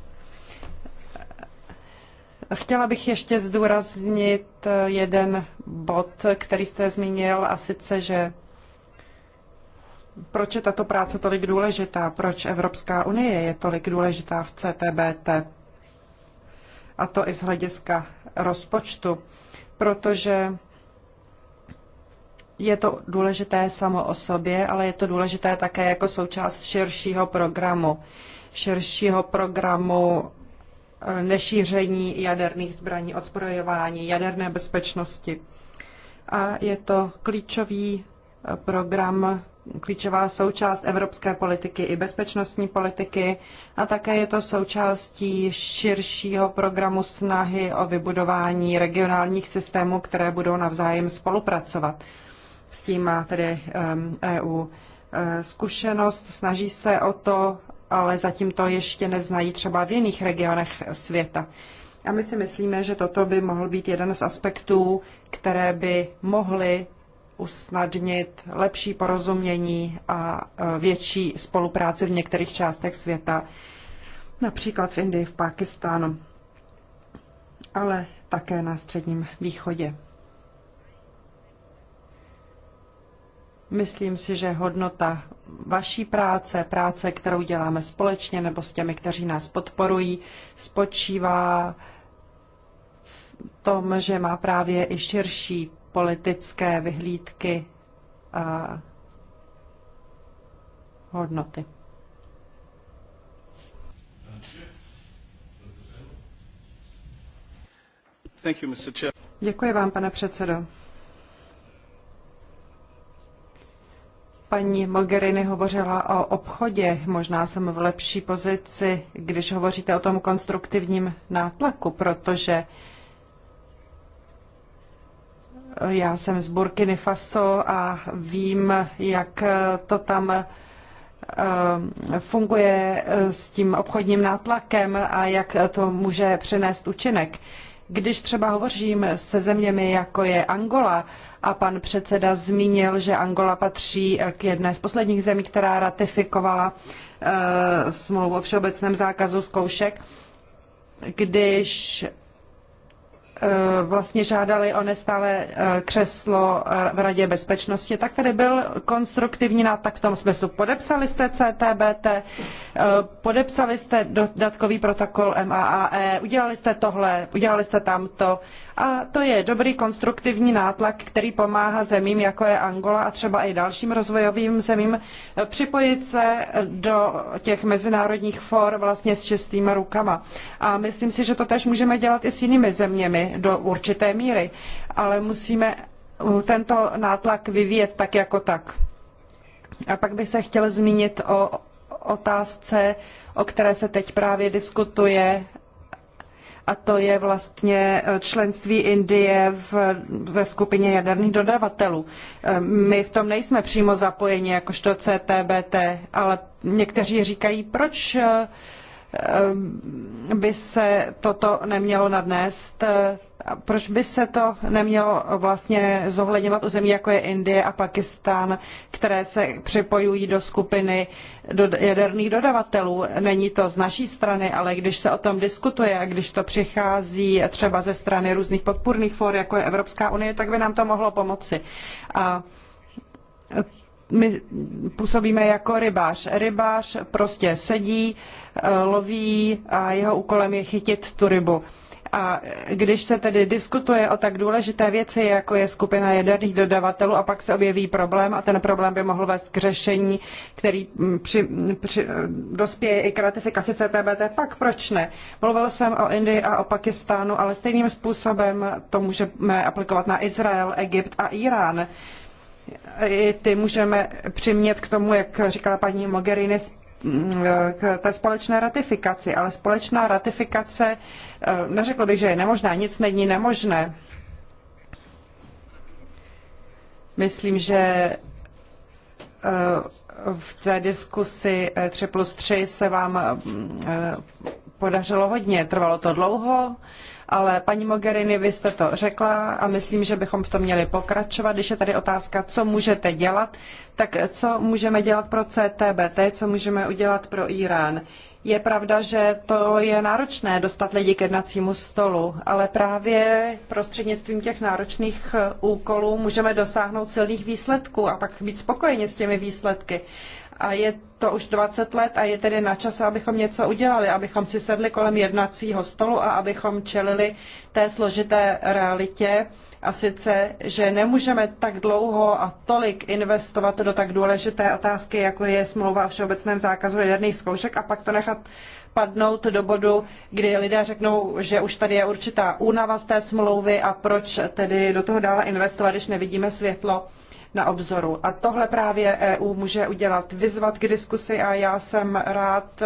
Chtěla bych ještě zdůraznit eh, jeden bod, který jste zmínil, a sice, že proč je tato práce tolik důležitá, proč Evropská unie je tolik důležitá v CTBT, a to i z hlediska rozpočtu, protože je to důležité samo o sobě, ale je to důležité také jako součást širšího programu. Širšího programu nešíření jaderných zbraní, odzbrojování, jaderné bezpečnosti. A je to klíčový eh, program, klíčová součást evropské politiky i bezpečnostní politiky a také je to součástí širšího programu snahy o vybudování regionálních systémů, které budou navzájem spolupracovat. S tím má tedy EU ehm, e eh, zkušenost, snaží se o to ale zatím to ještě neznají třeba v jiných regionech světa. A my si myslíme, že toto by mohl být jeden z aspektů, které by mohly usnadnit lepší porozumění a e, větší spolupráci v některých částech světa, například v Indii, v Pákistánu, ale také na Středním východě. Myslím si, že hodnota vaší práce, práce, kterou děláme společně nebo s těmi, kteří nás podporují, spočívá v tom, že má právě i širší politické vyhlídky a hodnoty. Děkuji vám, pane předsedo. Paní Mogherini hovořila o obchodě. Možná jsem v lepší pozici, když hovoříte o tom konstruktivním nátlaku, protože já jsem z Burkiny Faso a vím, jak to tam eh, funguje s tím obchodním nátlakem a jak to může přinést účinek. Když třeba hovořím se zeměmi, jako je Angola, a pan předseda zmínil, že Angola patří eh, k jedné z posledních zemí, která ratifikovala e, smlouvu o všeobecném zákazu zkoušek, když Eh, vlastně žádali o nestále eh, křeslo eh, v Radě bezpečnosti, tak tady byl konstruktivní nátlak tak v tom smyslu. Podepsali jste CTBT, podepsali jste dodatkový protokol MAAE, udělali jste tohle, udělali jste tamto. A to je dobrý konstruktivní nátlak, který pomáhá zemím, jako je Angola a třeba i dalším rozvojovým zemím, připojit se do těch mezinárodních for vlastně s čistýma rukama. A myslím si, že to tež můžeme dělat i s jinými zeměmi do určité míry, ale musíme uh, tento nátlak vyvíjet tak jako tak. A pak bych se chtěl zmínit o otázce, o které se teď právě diskutuje, a to je vlastně eh, členství Indie v, ve skupině jaderných dodavatelů. Eh, my v tom nejsme přímo zapojeni, jakožto CTBT, ale někteří říkají, proč eh, Ehm, by se toto nemělo nadnést? Proč by se to nemělo vlastně zohledňovat u zemí, jako je Indie a Pakistán, které se připojují do skupiny jaderných dodavatelů? Není to z naší strany, ale když se o tom diskutuje a když to přichází třeba ze strany různých podpůrných for, jako je Evropská unie, tak by nám to mohlo pomoci. A my působíme jako rybář. Rybář prostě sedí, eh, loví a jeho úkolem je chytit tu rybu. A když se tedy diskutuje o tak důležité věci, jako je skupina jaderných dodavatelů, a pak se objeví problém, a ten problém by mohl vést k řešení, který mm, při, při, eh, dospěje i k ratifikaci CTBT, pak proč ne? Mluvil jsem o Indii a o Pakistánu, ale stejným způsobem to můžeme aplikovat na Izrael, Egypt a Irán i ty můžeme přimět k tomu, jak říkala paní Mogherini, k té společné ratifikaci, ale společná ratifikace, eh, neřekl bych, že je nemožná, nic není nemožné. Myslím, že eh, v té diskusi 3 eh, plus 3 se vám podařilo hodně. Trvalo to dlouho, ale paní Mogherini, vy jste to řekla a myslím, že bychom v tom měli pokračovat. Když je tady otázka, co můžete dělat, tak co můžeme dělat pro CTBT, co můžeme udělat pro Irán. Je pravda, že to je náročné dostat lidi k jednacímu stolu, ale právě prostřednictvím těch náročných eh, úkolů můžeme dosáhnout silných výsledků a pak být spokojeni s těmi výsledky a je to už 20 let a je tedy na čase, abychom něco udělali, abychom si sedli kolem jednacího stolu a abychom čelili té složité realitě. A sice, že nemůžeme tak dlouho a tolik investovat do tak důležité otázky, jako je smlouva o všeobecném zákazu jaderných zkoušek a pak to nechat padnout do bodu, kdy lidé řeknou, že už tady je určitá únava z té smlouvy a proč tedy do toho dále investovat, když nevidíme světlo na obzoru. A tohle právě EU může udělat, vyzvat k diskusi a já jsem rád,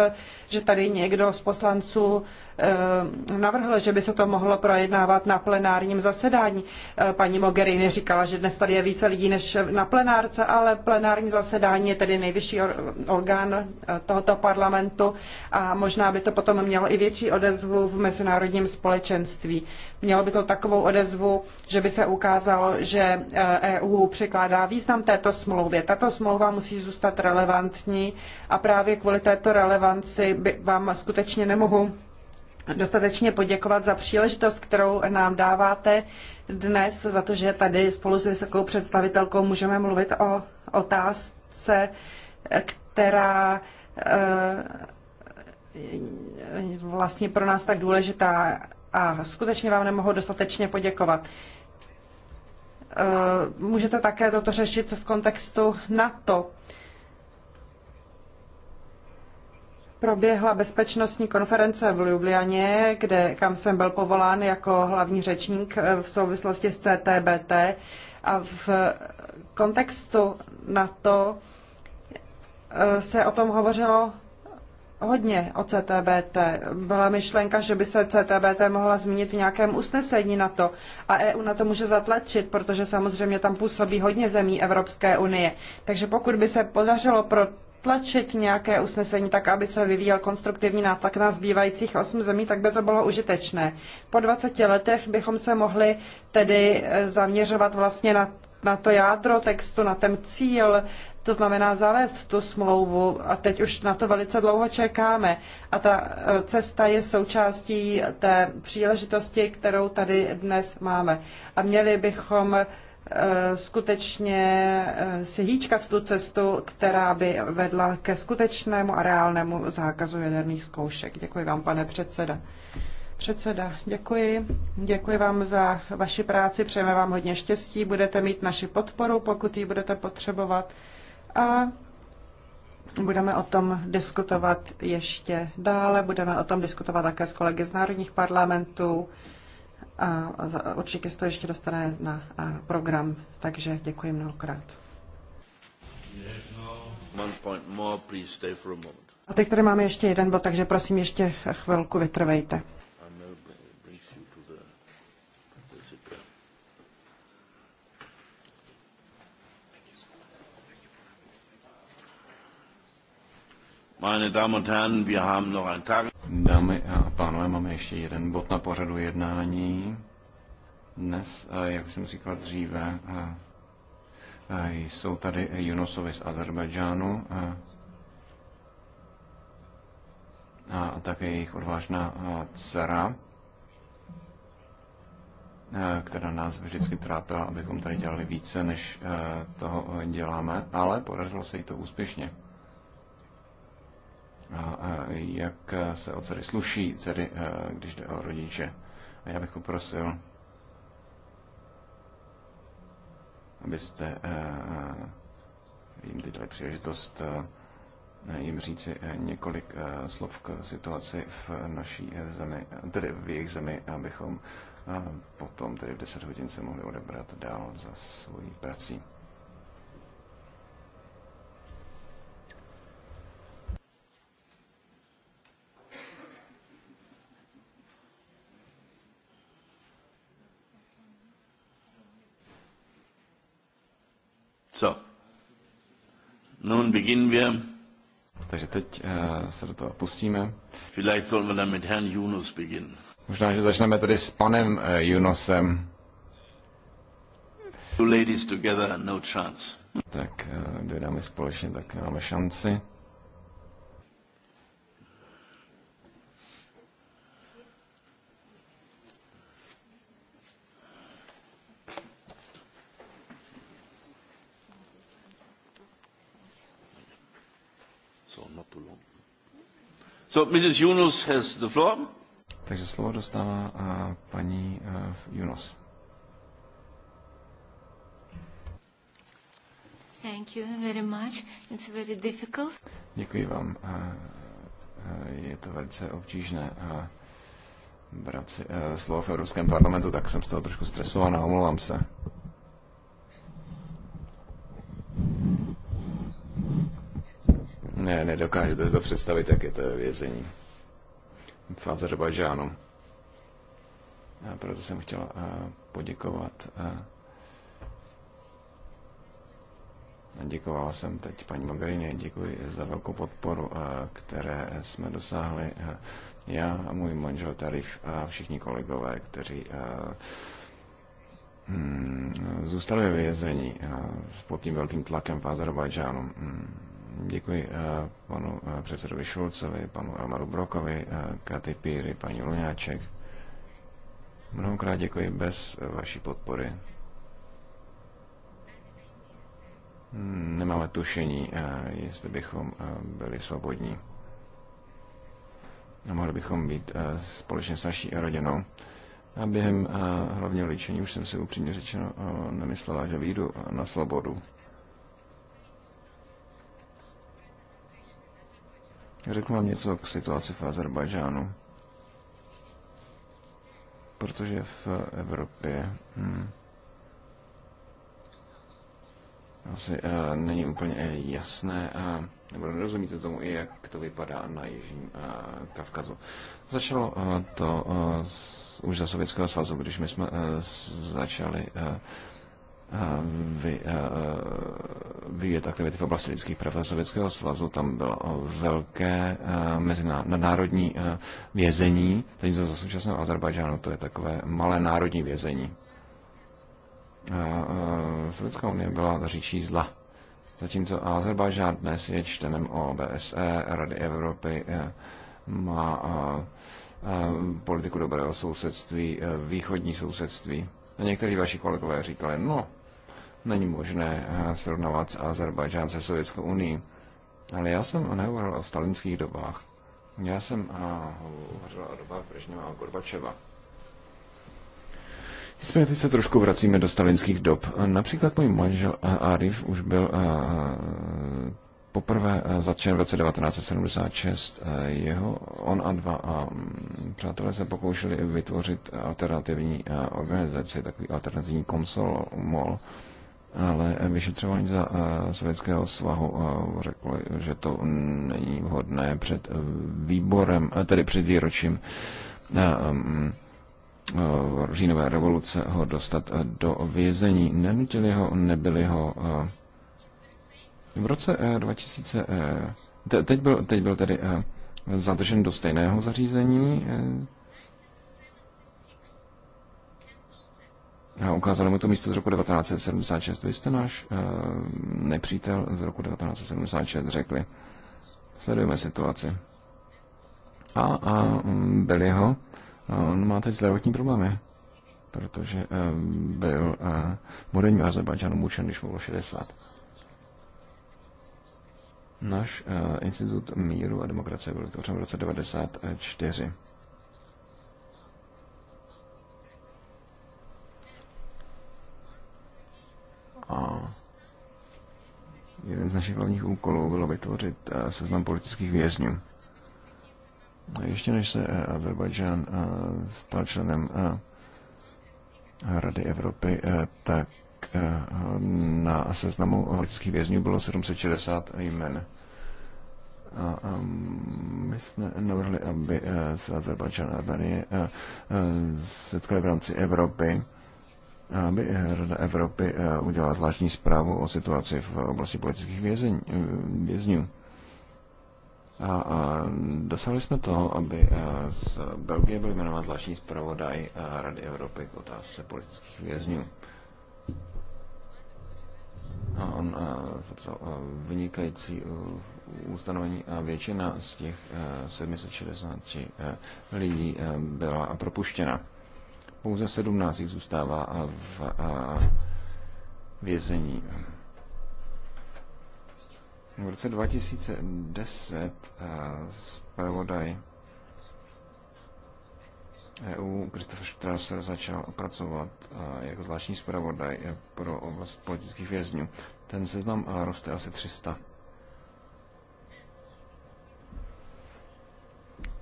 že tady někdo z poslanců Eh, navrhl, že by se to mohlo projednávat na plenárním zasedání. Eh, paní Mogherini říkala, že dnes tady je více lidí než na plenárce, ale plenární zasedání je tedy nejvyšší orgán eh, tohoto parlamentu a možná by to potom mělo i větší odezvu v mezinárodním společenství. Mělo by to takovou odezvu, že by se ukázalo, že EU e přikládá význam této smlouvě. Tato smlouva musí zůstat relevantní a právě kvůli této relevanci by vám skutečně nemohu dostatečně poděkovat za příležitost, kterou nám dáváte dnes, za to, že tady spolu s vysokou představitelkou můžeme mluvit o otázce, která eh, vlastně pro nás tak důležitá a skutečně vám nemohu dostatečně poděkovat. Eh, můžete také toto řešit v kontextu NATO. proběhla bezpečnostní konference v Ljubljaně, kde, kam jsem byl povolán jako hlavní řečník eh, v souvislosti s CTBT a v kontextu na to eh, se o tom hovořilo hodně o CTBT. Byla myšlenka, že by se CTBT mohla zmínit v nějakém usnesení na to a EU na to může zatlačit, protože samozřejmě tam působí hodně zemí Evropské unie. Takže pokud by se podařilo pro tlačit nějaké usnesení tak, aby se vyvíjel konstruktivní nátlak na zbývajících osm zemí, tak by to bylo užitečné. Po 20 letech bychom se mohli tedy eh, zaměřovat vlastně na, na to jádro textu, na ten cíl, to znamená zavést tu smlouvu a teď už na to velice dlouho čekáme. A ta eh, cesta je součástí té příležitosti, kterou tady dnes máme. A měli bychom Eh, skutečně eh, se hýčkat tu cestu, která by vedla ke skutečnému a reálnému zákazu jaderných zkoušek. Děkuji vám, pane předseda. Předseda, děkuji. Děkuji vám za vaši práci, přejeme vám hodně štěstí, budete mít naši podporu, pokud ji budete potřebovat. A budeme o tom diskutovat ještě dále, budeme o tom diskutovat také s kolegy z národních parlamentů a určitě se to ještě dostane na program, takže děkuji mnohokrát. A teď tady máme ještě jeden bod, takže prosím ještě chvilku vytrvejte. Meine Damen und Herren, wir haben noch Tag. Dámy a pánové, máme ještě jeden bod na pořadu jednání. Dnes, jak jsem říkal dříve, jsou tady Junosovi z Azerbajdžánu a také jejich odvážná dcera, která nás vždycky trápila, abychom tady dělali více, než toho děláme, ale podařilo se jí to úspěšně a jak se o dcery sluší, tedy když jde o rodiče. A já bych poprosil, abyste jim teď dali příležitost jim říci několik slov k situaci v naší zemi, tedy v jejich zemi, abychom potom tedy v 10 hodin se mohli odebrat dál za svojí prací. Nun beginnen wir. Takže teď uh, se do toho pustíme. Vielleicht sollen wir dann mit Herrn Yunus beginnen. Možná, že začneme tedy s panem uh, Yunusem. Two ladies together, no chance. Tak uh, dvě dámy společně, tak nemáme šanci. So, Mrs. Yunus has the floor. Takže slovo dostává eh, paní uh, Yunus. Thank you very much. It's very difficult. Děkuji vám. Eh, je to velice obtížné brát si slovo v Evropském parlamentu, tak jsem z toho trošku stresovaná, omlouvám se. ne, nedokážete si to představit, jak je to vězení v Azerbajdžánu. A proto jsem chtěla eh, poděkovat. Eh, a děkoval jsem teď paní Mogherini, děkuji za velkou podporu, eh, které jsme dosáhli já a můj manžel Tarif a všichni kolegové, kteří hm, zůstali ve vězení pod tím velkým tlakem v Azerbajdžánu. Hm. Děkuji eh, panu eh, předsedovi Šulcovi, panu Elmaru Brokovi, eh, Katy Píry, paní Luňáček. Mnohokrát děkuji bez vaší podpory. Nemáme tušení, jestli bychom byli svobodní. A mohli bychom být společně s naší rodinou. A během hlavního líčení už jsem si upřímně řečeno nemyslela, že výjdu na svobodu. Řeknu vám něco k situaci v Azerbajžánu. Protože v Evropě hmm, asi uh, není úplně eh, jasné, uh, nebo nerozumíte tomu i, jak to vypadá na Jižním uh, Kavkazu. Začalo uh, to uh, z, už za Sovětského svazu, když my jsme uh, začali uh, vy, vyjet aktivity v oblasti lidských práv a Sovětského svazu. Tam bylo velké mezinárodní vězení, teď za současného Azerbajdžánu, to je takové malé národní vězení. Sovětská unie byla říčí zla. Zatímco Azerbajdžán dnes je čtenem OBSE, Rady Evropy, má politiku dobrého sousedství, východní sousedství. A někteří vaši kolegové říkali, no, Není možné eh, srovnávat Azerbajdžán se Sovětskou unii. Ale já jsem nehovoril o stalinských dobách. Já jsem eh, hovořil o dobách Brežněva a Gorbačeva. Nicméně teď se trošku vracíme do stalinských dob. Eh, například můj manžel Arif už byl poprvé zatčen v roce 1976. Jeho, on a dva a přátelé se pokoušeli vytvořit alternativní organizaci, takový alternativní komsol, mol ale vyšetřování za eh, Sovětského svahu eh, řekli, že to není vhodné před eh, výborem, tedy před výročím říjnové revoluce ho dostat do vězení. Nenutili ho, nebyli ho. V roce 2000, teď byl, teď byl tedy zadržen do stejného zařízení, A ukázali mu to místo z roku 1976. Vy jste náš eh, nepřítel z roku 1976, řekli. Sledujeme situaci. A, a mm, byli ho. On má teď zdravotní problémy, protože uh, byl uh, moderní v Azerbajdžánu mučen, když mu bylo 60. Náš uh, institut míru a demokracie byl vytvořen v roce 1994. A jeden z našich hlavních úkolů bylo vytvořit eh, seznam politických vězňů. Ještě než se eh, Azerbajdžán eh, stal členem Rady Evropy, tak na seznamu politických vězňů bylo 760 jmen. A, ehm, my jsme navrhli, aby se Azerbajdžán a Arménie setkali v rámci Evropy aby Rada Evropy eh, udělala zvláštní zprávu o situaci v oblasti politických vězení, eh, vězňů. A, a dosáhli jsme toho, aby eh, z Belgie byl jmenován zvláštní zpravodaj Rady Evropy k otázce politických vězňů. A on zapsal vynikající ustanovení a většina z těch 760 lidí byla propuštěna pouze 17 jich zůstává v vězení. V roce 2010 zpravodaj EU Christopher Strasser začal pracovat jako zvláštní zpravodaj pro oblast politických vězňů. Ten seznam roste asi 300.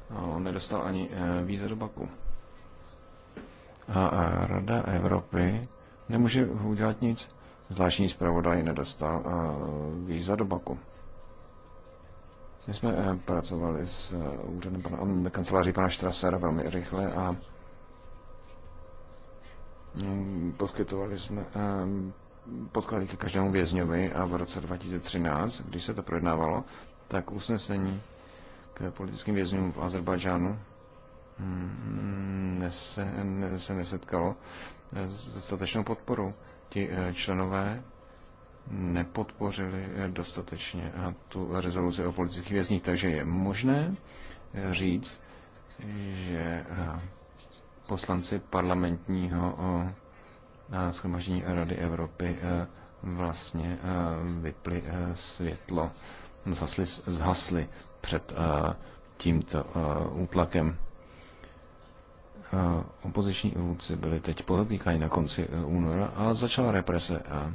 On nedostal ani e, víza do Baku. A Rada Evropy nemůže udělat nic. Zvláštní zpravodaj nedostal víza do Baku. My jsme e, pracovali s e, úřadem pana, kanceláří pana Štrasera velmi rychle a mm, poskytovali jsme e, podklady ke každému vězňovi a v roce 2013, když se to projednávalo, tak usnesení k politickým vězňům v Azerbajdžánu Mm, se, se nesetkalo s dostatečnou podporou. Ti eh, členové nepodpořili eh, dostatečně eh, tu rezoluci o politických vězních, takže je možné říct, že poslanci parlamentního schromaždění Rady Evropy vlastně vyply světlo, zhasly, zhasly před tímto útlakem opoziční vůdci byli teď podotýkáni na konci eh, února a začala represe. A,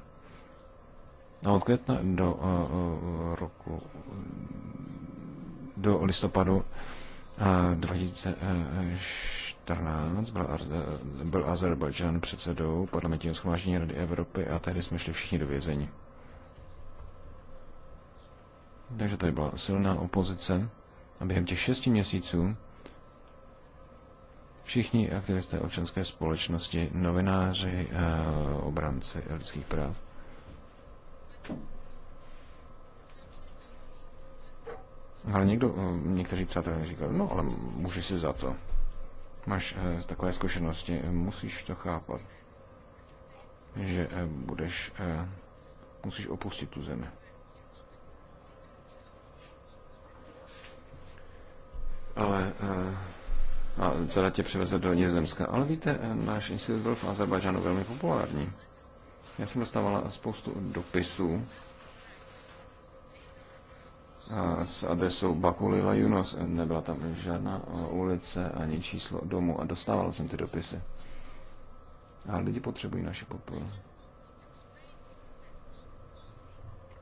a od května do eh, eh, roku do listopadu 2014 byl, byl Azerbajdžan předsedou parlamentního schromáždění Rady Evropy a tehdy jsme šli všichni do vězení. Takže tady byla silná opozice a během těch šesti měsíců Všichni aktivisté občanské společnosti, novináři, eh, obranci lidských práv. Ale někdo, eh, někteří přátelé říkali, no ale může si za to. Máš eh, z takové zkušenosti, musíš to chápat, že budeš, musíš opustit tu zemi. Ale a dcera tě přiveze do Nizozemska. Ale víte, náš institut byl v Azerbajdžánu velmi populární. Já jsem dostávala spoustu dopisů s adresou Bakulila Junos. Nebyla tam žádná ulice ani číslo domu a dostával jsem ty dopisy. A lidi potřebují naši podporu.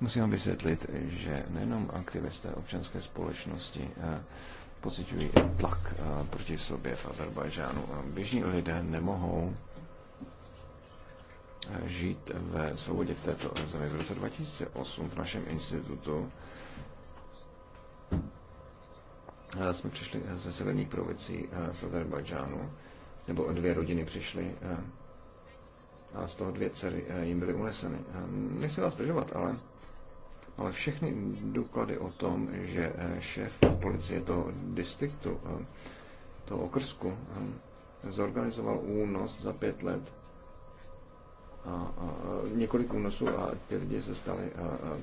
Musím vám vysvětlit, že nejenom aktivisté občanské společnosti pocitují tlak eh, proti sobě v Azerbajžánu. Běžní lidé nemohou eh, žít ve svobodě v této zemi. V roce 2008 v našem institutu eh, jsme přišli ze severních provincií z Azerbajdžánu, nebo dvě rodiny přišly a z toho dvě dcery jim byly uneseny. Nechci vás zdržovat, ale ale všechny důklady o tom, že eh, šéf policie toho distriktu, eh, toho okrsku, eh, zorganizoval únos za pět let, a, a, a několik únosů a ty lidi se stali a, a,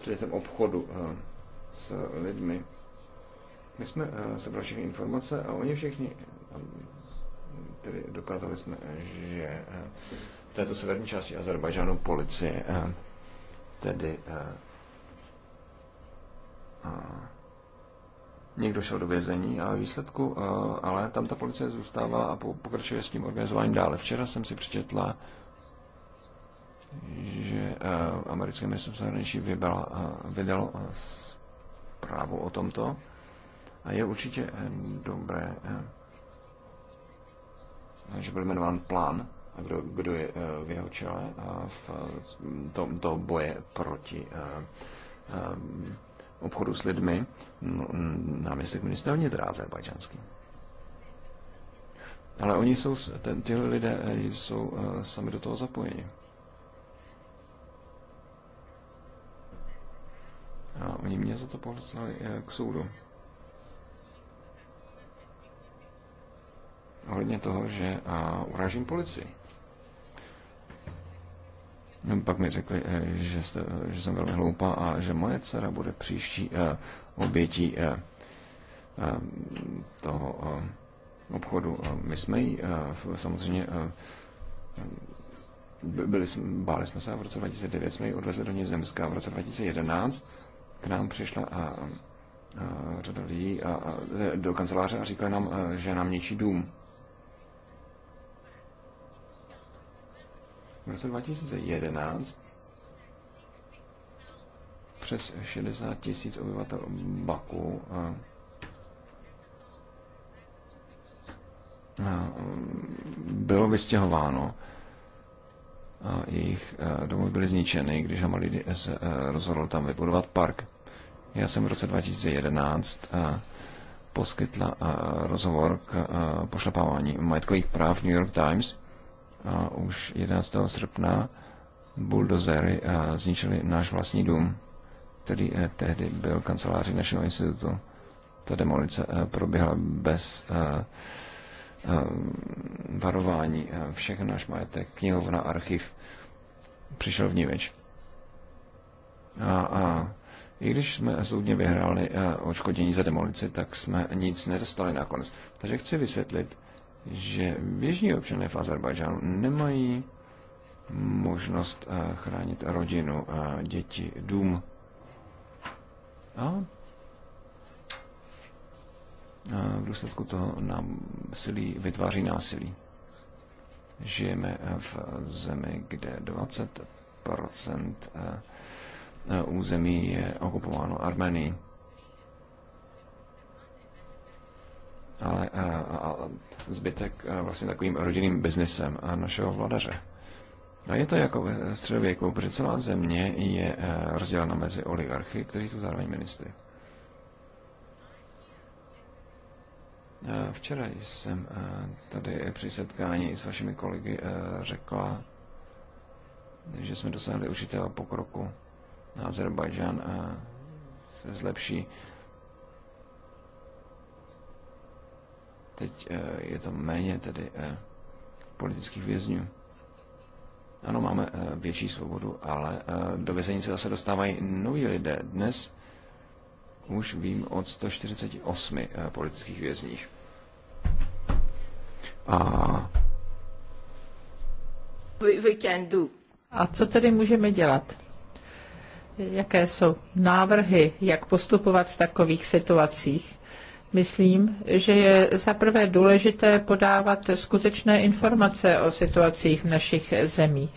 předmětem obchodu a, s lidmi. My jsme a, sebrali všechny informace a oni všichni, a, tedy dokázali jsme, že v této severní části Azerbajdžánu policie a, tedy a, někdo šel do vězení a výsledku, eh, ale tam ta policie zůstává a pokračuje s tím organizováním dále. Včera jsem si přečetla, že eh, americké ministerstvo zahraničí vybral, eh, vydalo zprávu o tomto a je určitě dobré, že byl jmenován plán, kdo, kdo je v jeho čele v tomto boje proti obchodu s lidmi no, náměstek ministra vnitra azerbajdžanský. Ale oni jsou, ten, tyhle lidé eh, jsou uh, sami do toho zapojeni. A oni mě za to pohlasili uh, eh, k soudu. Ohledně toho, že uh, urážím policii. Pak mi řekli, eh, že, jste, že jsem velmi hloupá a že moje dcera bude příští eh, obětí eh, toho obchodu. My jsme jí samozřejmě byli, báli jsme se a v roce 2009 jsme ji odvezli do Nizemska. V roce 2011 k nám přišla a, a řada lidí a, a, do kanceláře a říkali nám, že nám něčí dům. V roce 2011 přes 60 tisíc obyvatel Baku a, a bylo vystěhováno a jejich domy byly zničeny, když Hamalidi eh, se eh, rozhodl tam vybudovat park. Já jsem v roce 2011 poskytla rozhovor k pošlapávání majetkových práv New York Times a už 11. srpna buldozery eh, zničili náš vlastní dům, který eh, tehdy byl kanceláří našeho institutu. Ta demolice eh, proběhla bez varování. všech náš majetek, knihovna, archiv přišel v nímeč. A, a i když jsme soudně vyhráli odškodění za demolici, tak jsme nic nedostali nakonec. Takže chci vysvětlit, že běžní občané v Azerbajdžánu nemají možnost eh, chránit rodinu, děti, dům. A v důsledku toho nám silí, vytváří násilí. Žijeme eh, v zemi, kde 20 eh, území je okupováno Armenií. ale a, eh, a eh, zbytek eh, vlastně takovým rodinným biznesem a našeho vladaře. A je to jako ve středověku, protože celá země je rozdělena mezi oligarchy, kteří jsou zároveň ministry. Včera jsem tady při setkání s vašimi kolegy řekla, že jsme dosáhli určitého pokroku. Azerbajdžan se zlepší Teď eh, je tam méně tedy eh, politických vězňů. Ano, máme eh, větší svobodu, ale do vězení se zase dostávají noví lidé. Dnes už vím od 148 politických vězních. A... A co tedy můžeme dělat? Jaké jsou návrhy, jak postupovat v takových situacích? Myslím, že je zaprvé důležité podávat skutečné informace o situacích v našich zemích.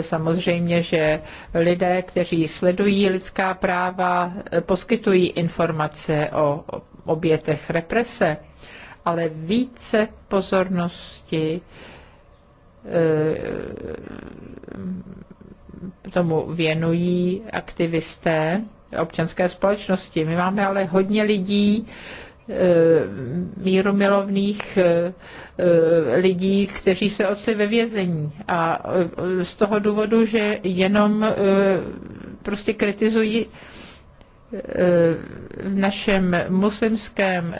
Samozřejmě, že lidé, kteří sledují lidská práva, poskytují informace o obětech represe, ale více pozornosti eh, tomu věnují aktivisté občanské společnosti. My máme ale hodně lidí, Eh, míromilovných eh, lidí, kteří se ocli ve vězení. A eh, z toho důvodu, že jenom prostě kritizují v našem muslimském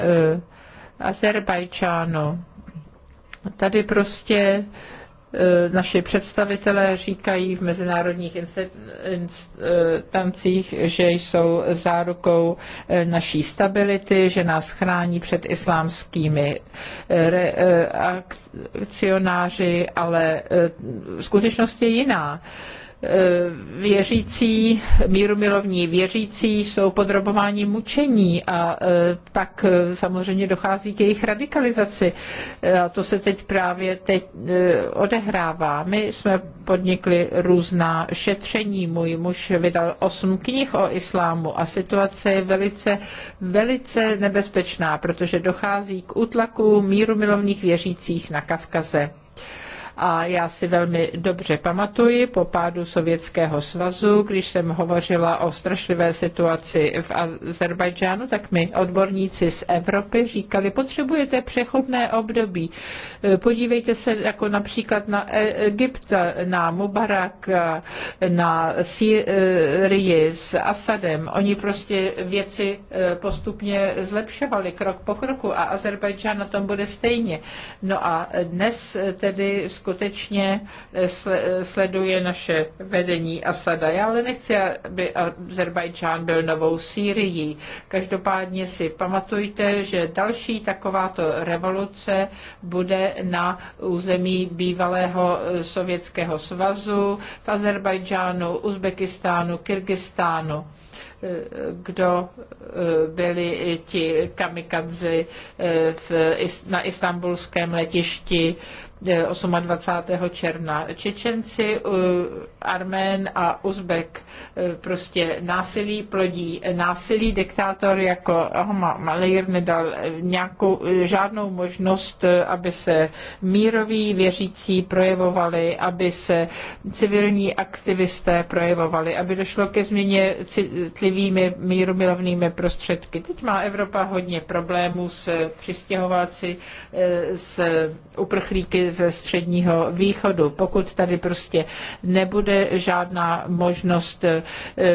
Azerbajčánu. Tady prostě Eh, naši představitelé říkají v mezinárodních instancích, že jsou zárukou eh, naší stability, že nás chrání před islámskými eh, akcionáři, ale skutečnost je jiná. Eh, věřící, mírumilovní věřící jsou podrobováni mučení a eh, pak eh, samozřejmě dochází k jejich radikalizaci. A to se teď právě teď odehrává. My jsme podnikli různá šetření. Můj muž vydal osm knih o islámu a situace je velice, velice nebezpečná, protože dochází k útlaku mírumilovných věřících na Kavkaze. A já si velmi dobře pamatuji po pádu Sovětského svazu, když jsem hovořila o strašlivé situaci v Azerbajdžánu, tak mi odborníci z Evropy říkali, potřebujete přechodné období. E, podívejte se jako například na Egypt, na Mubarak, e, na Syrii s Asadem. Oni prostě věci e, postupně zlepšovali krok po kroku a Azerbajdžán na tom bude stejně. No a dnes tedy skutečně skutečně eh, eh, sleduje naše vedení Asada. Já ale nechci, aby Azerbajdžán byl novou Sýrií. Každopádně si pamatujte, že další takováto revoluce bude na území bývalého eh, Sovětského svazu v Azerbajdžánu, Uzbekistánu, Kyrgyzstánu kdo byli ti kamikadzi na istambulském letišti 28. Eh, června. Čečenci, eh, Armén a Uzbek eh, prostě násilí plodí násilí. Diktátor jako Ahoma Malir nedal nějakou, žádnou možnost, aby se míroví věřící projevovali, aby se civilní aktivisté projevovali, aby došlo ke změně citlivými míromilovnými prostředky. Teď má Evropa hodně problémů s přistěhovalci, s uprchlíky ze středního východu. Pokud tady prostě nebude žádná možnost eh,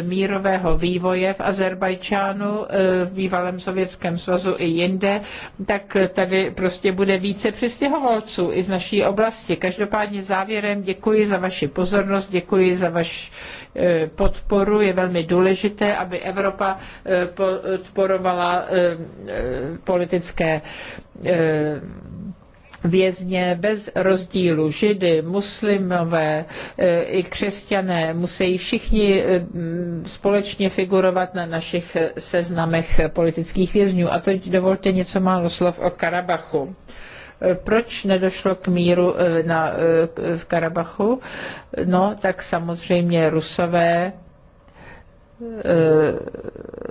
mírového vývoje v Azerbajčánu, eh, v bývalém Sovětském svazu i jinde, tak tady prostě bude více přistěhovalců i z naší oblasti. Každopádně závěrem děkuji za vaši pozornost, děkuji za vaši eh, podporu. Je velmi důležité, aby Evropa podporovala politické vězně bez rozdílu. Židy, muslimové e, i křesťané musí všichni e, společně figurovat na našich seznamech politických vězňů. A teď dovolte něco málo slov o Karabachu e, proč nedošlo k míru na, v Karabachu? No, tak samozřejmě Rusové Eh,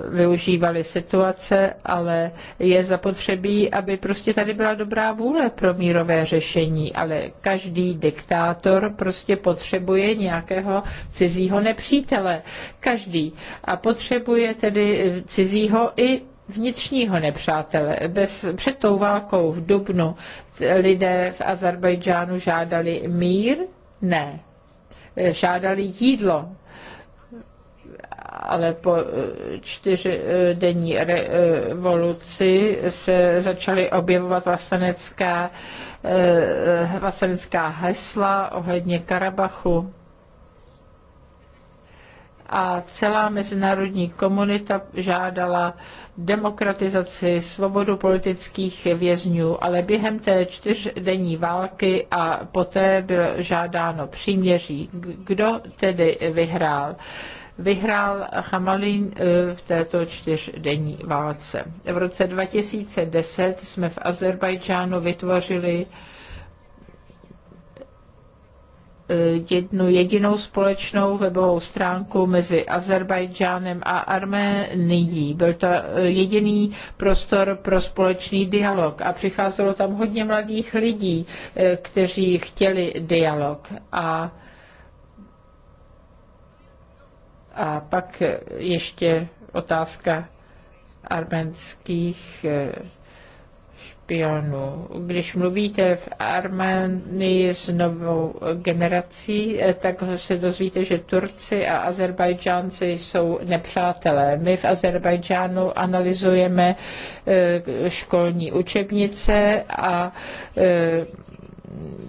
využívali situace, ale je zapotřebí, aby prostě tady byla dobrá vůle pro mírové řešení, ale každý diktátor prostě potřebuje nějakého cizího nepřítele. Každý. A potřebuje tedy cizího i vnitřního nepřátele. Bez, před tou válkou v Dubnu lidé v Azerbajdžánu žádali mír? Ne. Žádali jídlo, ale po eh, čtyřdenní eh, revoluci eh, se začaly objevovat vlastenecká, vlastenecká hesla ohledně Karabachu. A celá mezinárodní komunita žádala demokratizaci, svobodu politických vězňů, ale během té čtyřdenní války a poté bylo žádáno příměří. Kdo tedy vyhrál? vyhrál Hamalin eh, v této čtyřdenní válce. V roce 2010 jsme v Azerbajdžánu vytvořili eh, jednu jedinou společnou webovou stránku mezi Azerbajdžánem a Arménií. Byl to eh, jediný prostor pro společný dialog a přicházelo tam hodně mladých lidí, kteří chtěli dialog. A A pak ještě otázka arménských eh, špionů. Když mluvíte v Arménii s novou generací, eh, tak se dozvíte, že Turci a Azerbajdžánci jsou nepřátelé. My v Azerbajdžánu analyzujeme eh, školní učebnice a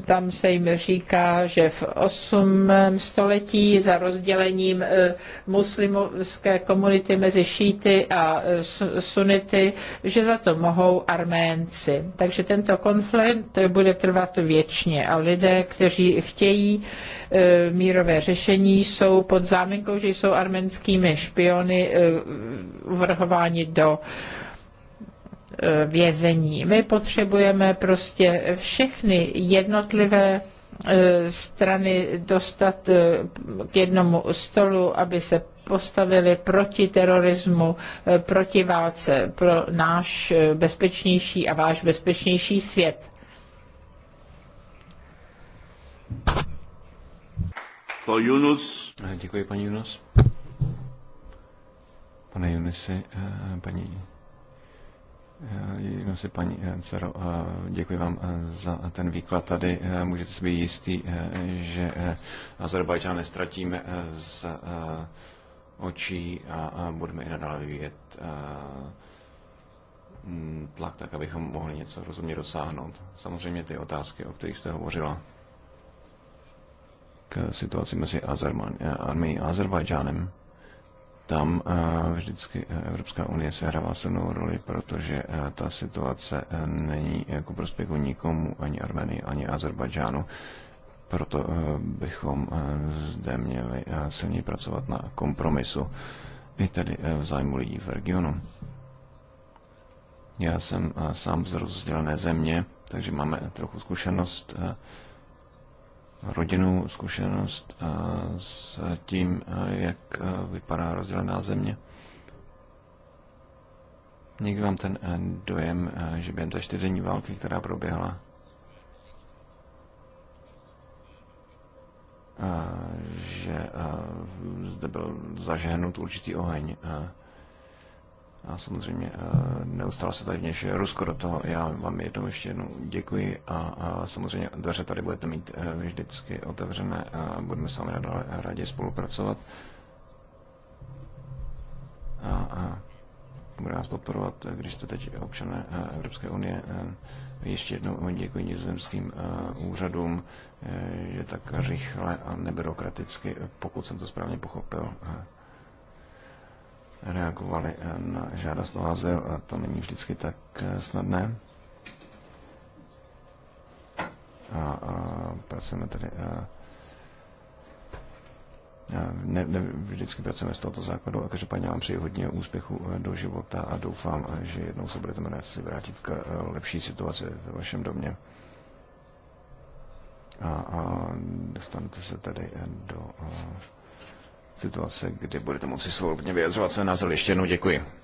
tam se jim říká, že v 8. století za rozdělením e, muslimské komunity mezi šíty a e, sunity, že za to mohou arménci. Takže tento konflikt bude trvat věčně a lidé, kteří chtějí e, mírové řešení, jsou pod záminkou, že jsou arménskými špiony vrhováni do Eh, vězení. My potřebujeme prostě všechny jednotlivé eh, strany dostat eh, k jednomu stolu, aby se postavili proti terorismu, proti válce, pro náš bezpečnější a váš bezpečnější svět. To Yunus. Děkuji, paní Junus. Pane Junisi, paní Eh, Jenom si paní eh, Cero, děkuji vám eh, za ten výklad tady. Můžete si být jistý, že Azerbajdžán nestratíme z očí a budeme i nadále vyvíjet tlak, tak abychom mohli něco rozumně dosáhnout. Samozřejmě ty otázky, o kterých jste hovořila, k situaci mezi Armenií a Azerbajdžánem tam eh, vždycky eh, Evropská unie se hrává mnou roli, protože eh, ta situace není jako prospěchu nikomu, ani Armenii, ani Azerbajdžánu. Proto bychom zde měli silně pracovat na kompromisu, i tedy v zájmu lidí v regionu. Já jsem sám z rozdělené země, takže máme trochu zkušenost rodinnou zkušenost s tím, jak vypadá rozdělená země. Někdy mám ten e, dojem, e, že během té čtyřdenní války, která proběhla, že zde byl zažehnut určitý oheň a samozřejmě eh, neustále se tady vněšuje Rusko do toho. Já vám jednou ještě jednou děkuji a, samozřejmě dveře tady budete mít eh, vždycky otevřené a budeme s vámi nadále rádi spolupracovat. A, a bude nás podporovat, když jste teď občané eh, Evropské unie. Ještě jednou děkuji nizozemským úřadům, že tak rychle a nebyrokraticky, pokud jsem to správně pochopil, reagovali eh, na žádost o azyl a to není vždycky tak eh, snadné. A, a pracujeme tedy a, eh, ne, ne, vždycky pracujeme z tohoto základu a každopádně vám přeji hodně úspěchu do života a doufám, že jednou se budete si vrátit k lepší situaci ve vašem domě. A, a dostanete se tady do a, situace, kdy budete moci svobodně vyjadřovat své názory. Ještě jednou děkuji.